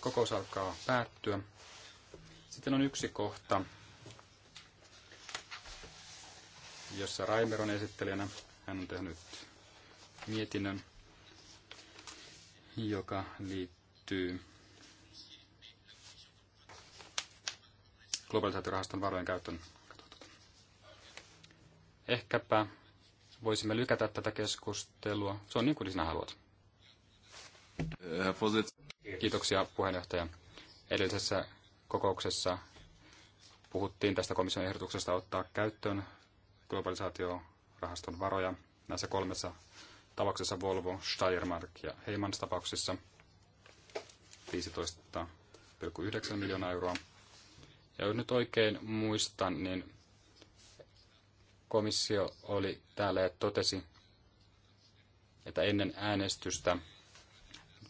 kokous alkaa päättyä. Sitten on yksi kohta, jossa Raimer on esittelijänä. Hän on tehnyt mietinnön, joka liittyy globalisaatiorahaston varojen käyttöön. Ehkäpä voisimme lykätä tätä keskustelua. Se on niin kuin sinä haluat. Kiitoksia puheenjohtaja. Edellisessä kokouksessa puhuttiin tästä komission ehdotuksesta ottaa käyttöön globalisaatiorahaston varoja näissä kolmessa tapauksessa Volvo, Steiermark ja Heimans tapauksissa 15,9 miljoonaa euroa. Ja jos nyt oikein muistan, niin komissio oli täällä ja totesi, että ennen äänestystä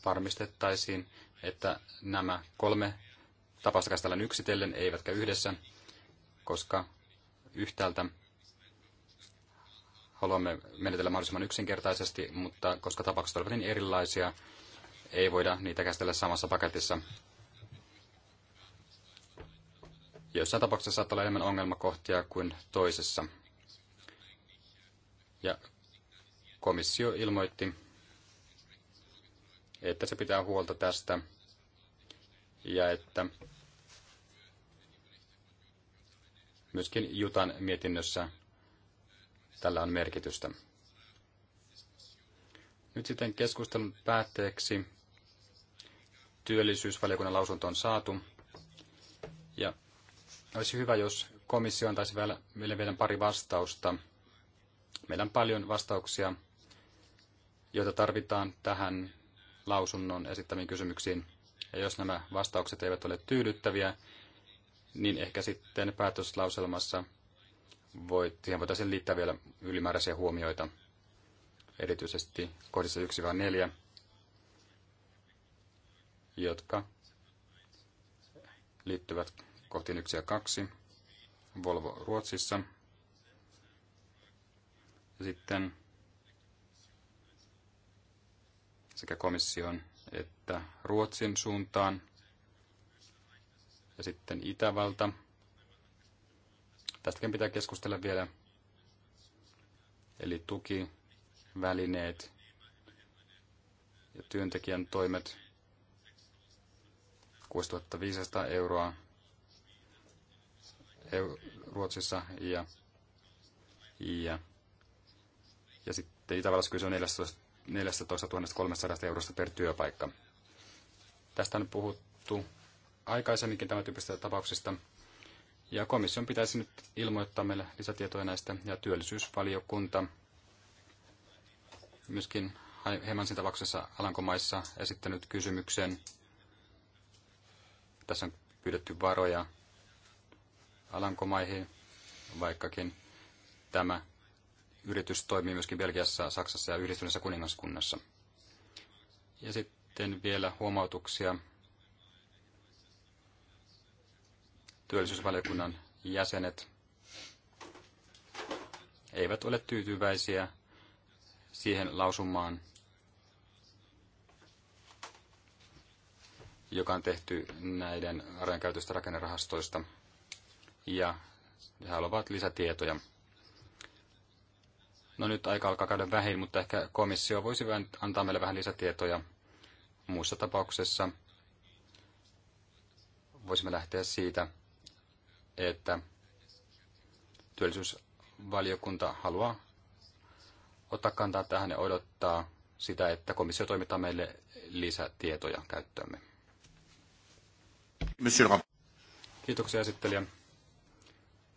varmistettaisiin, että nämä kolme tapausta käsitellään yksitellen eivätkä yhdessä, koska yhtäältä haluamme menetellä mahdollisimman yksinkertaisesti, mutta koska tapaukset ovat niin erilaisia, ei voida niitä käsitellä samassa paketissa. Joissain tapauksissa saattaa olla enemmän ongelmakohtia kuin toisessa. Ja komissio ilmoitti, että se pitää huolta tästä ja että myöskin Jutan mietinnössä tällä on merkitystä. Nyt sitten keskustelun päätteeksi työllisyysvaliokunnan lausunto on saatu. Ja olisi hyvä, jos komissio antaisi vielä, meille vielä pari vastausta. Meillä on paljon vastauksia, joita tarvitaan tähän lausunnon esittämiin kysymyksiin. Ja jos nämä vastaukset eivät ole tyydyttäviä, niin ehkä sitten päätöslauselmassa voi, siihen voitaisiin liittää vielä ylimääräisiä huomioita, erityisesti kohdissa 1-4, jotka liittyvät kohtiin 1 ja 2 Volvo Ruotsissa. Ja sitten sekä komission että Ruotsin suuntaan ja sitten Itävalta – Tästäkin pitää keskustella vielä. Eli tuki, välineet ja työntekijän toimet 6500 euroa Ruotsissa ja, ja, ja sitten Itävallassa kyse on 14, 300 eurosta per työpaikka. Tästä on puhuttu aikaisemminkin tämän tyyppisistä tapauksista. Ja komission pitäisi nyt ilmoittaa meille lisätietoja näistä ja työllisyysvaliokunta myöskin Hemansin tapauksessa Alankomaissa esittänyt kysymyksen. Tässä on pyydetty varoja Alankomaihin, vaikkakin tämä yritys toimii myöskin Belgiassa, Saksassa ja Yhdistyneessä kuningaskunnassa. Ja sitten vielä huomautuksia työllisyysvaliokunnan jäsenet eivät ole tyytyväisiä siihen lausumaan, joka on tehty näiden rajankäytöstä rakennerahastoista, ja he haluavat lisätietoja. No nyt aika alkaa käydä vähin, mutta ehkä komissio voisi antaa meille vähän lisätietoja. Muussa tapauksessa voisimme lähteä siitä, että työllisyysvaliokunta haluaa ottaa kantaa tähän ja odottaa sitä, että komissio toimittaa meille lisätietoja käyttöömme. Kiitoksia esittelijä.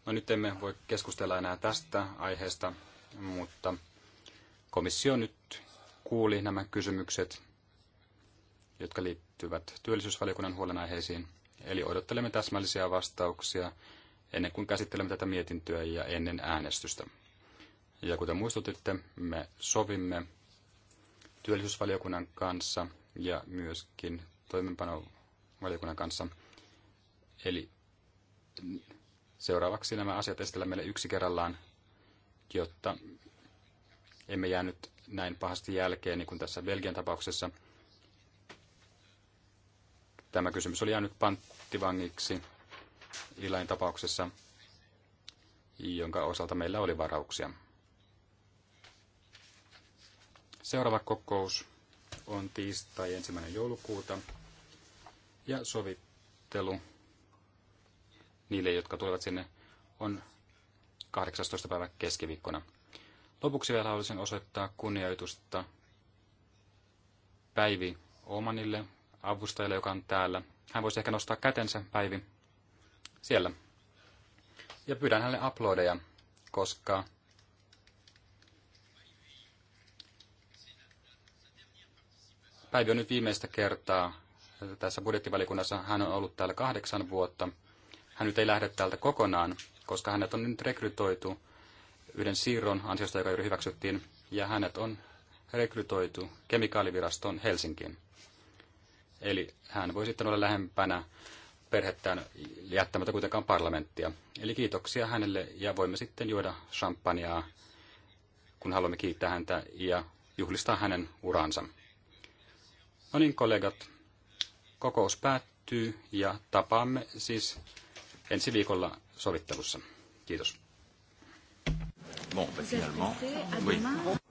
No nyt emme voi keskustella enää tästä aiheesta, mutta komissio nyt kuuli nämä kysymykset, jotka liittyvät työllisyysvaliokunnan huolenaiheisiin. Eli odottelemme täsmällisiä vastauksia ennen kuin käsittelemme tätä mietintöä ja ennen äänestystä. Ja kuten muistutitte, me sovimme työllisyysvaliokunnan kanssa ja myöskin toimenpanovaliokunnan kanssa. Eli seuraavaksi nämä asiat esitellään meille yksi kerrallaan, jotta emme jäänyt näin pahasti jälkeen, niin kuin tässä Belgian tapauksessa – Tämä kysymys oli jäänyt panttivangiksi Ilain tapauksessa, jonka osalta meillä oli varauksia. Seuraava kokous on tiistai 1. joulukuuta ja sovittelu niille, jotka tulevat sinne, on 18. päivä keskiviikkona. Lopuksi vielä haluaisin osoittaa kunnioitusta Päivi Omanille, avustajalle, joka on täällä. Hän voisi ehkä nostaa kätensä, Päivi, siellä. Ja pyydän hänelle uploadeja, koska Päivi on nyt viimeistä kertaa tässä budjettivalikunnassa. Hän on ollut täällä kahdeksan vuotta. Hän nyt ei lähde täältä kokonaan, koska hänet on nyt rekrytoitu yhden siirron ansiosta, joka juuri hyväksyttiin, ja hänet on rekrytoitu kemikaaliviraston Helsinkiin. Eli hän voi sitten olla lähempänä perhettään jättämättä kuitenkaan parlamenttia. Eli kiitoksia hänelle ja voimme sitten juoda champagnea, kun haluamme kiittää häntä ja juhlistaa hänen uransa. No niin, kollegat, kokous päättyy ja tapaamme siis ensi viikolla sovittelussa. Kiitos. Bon, ben finalement, oui.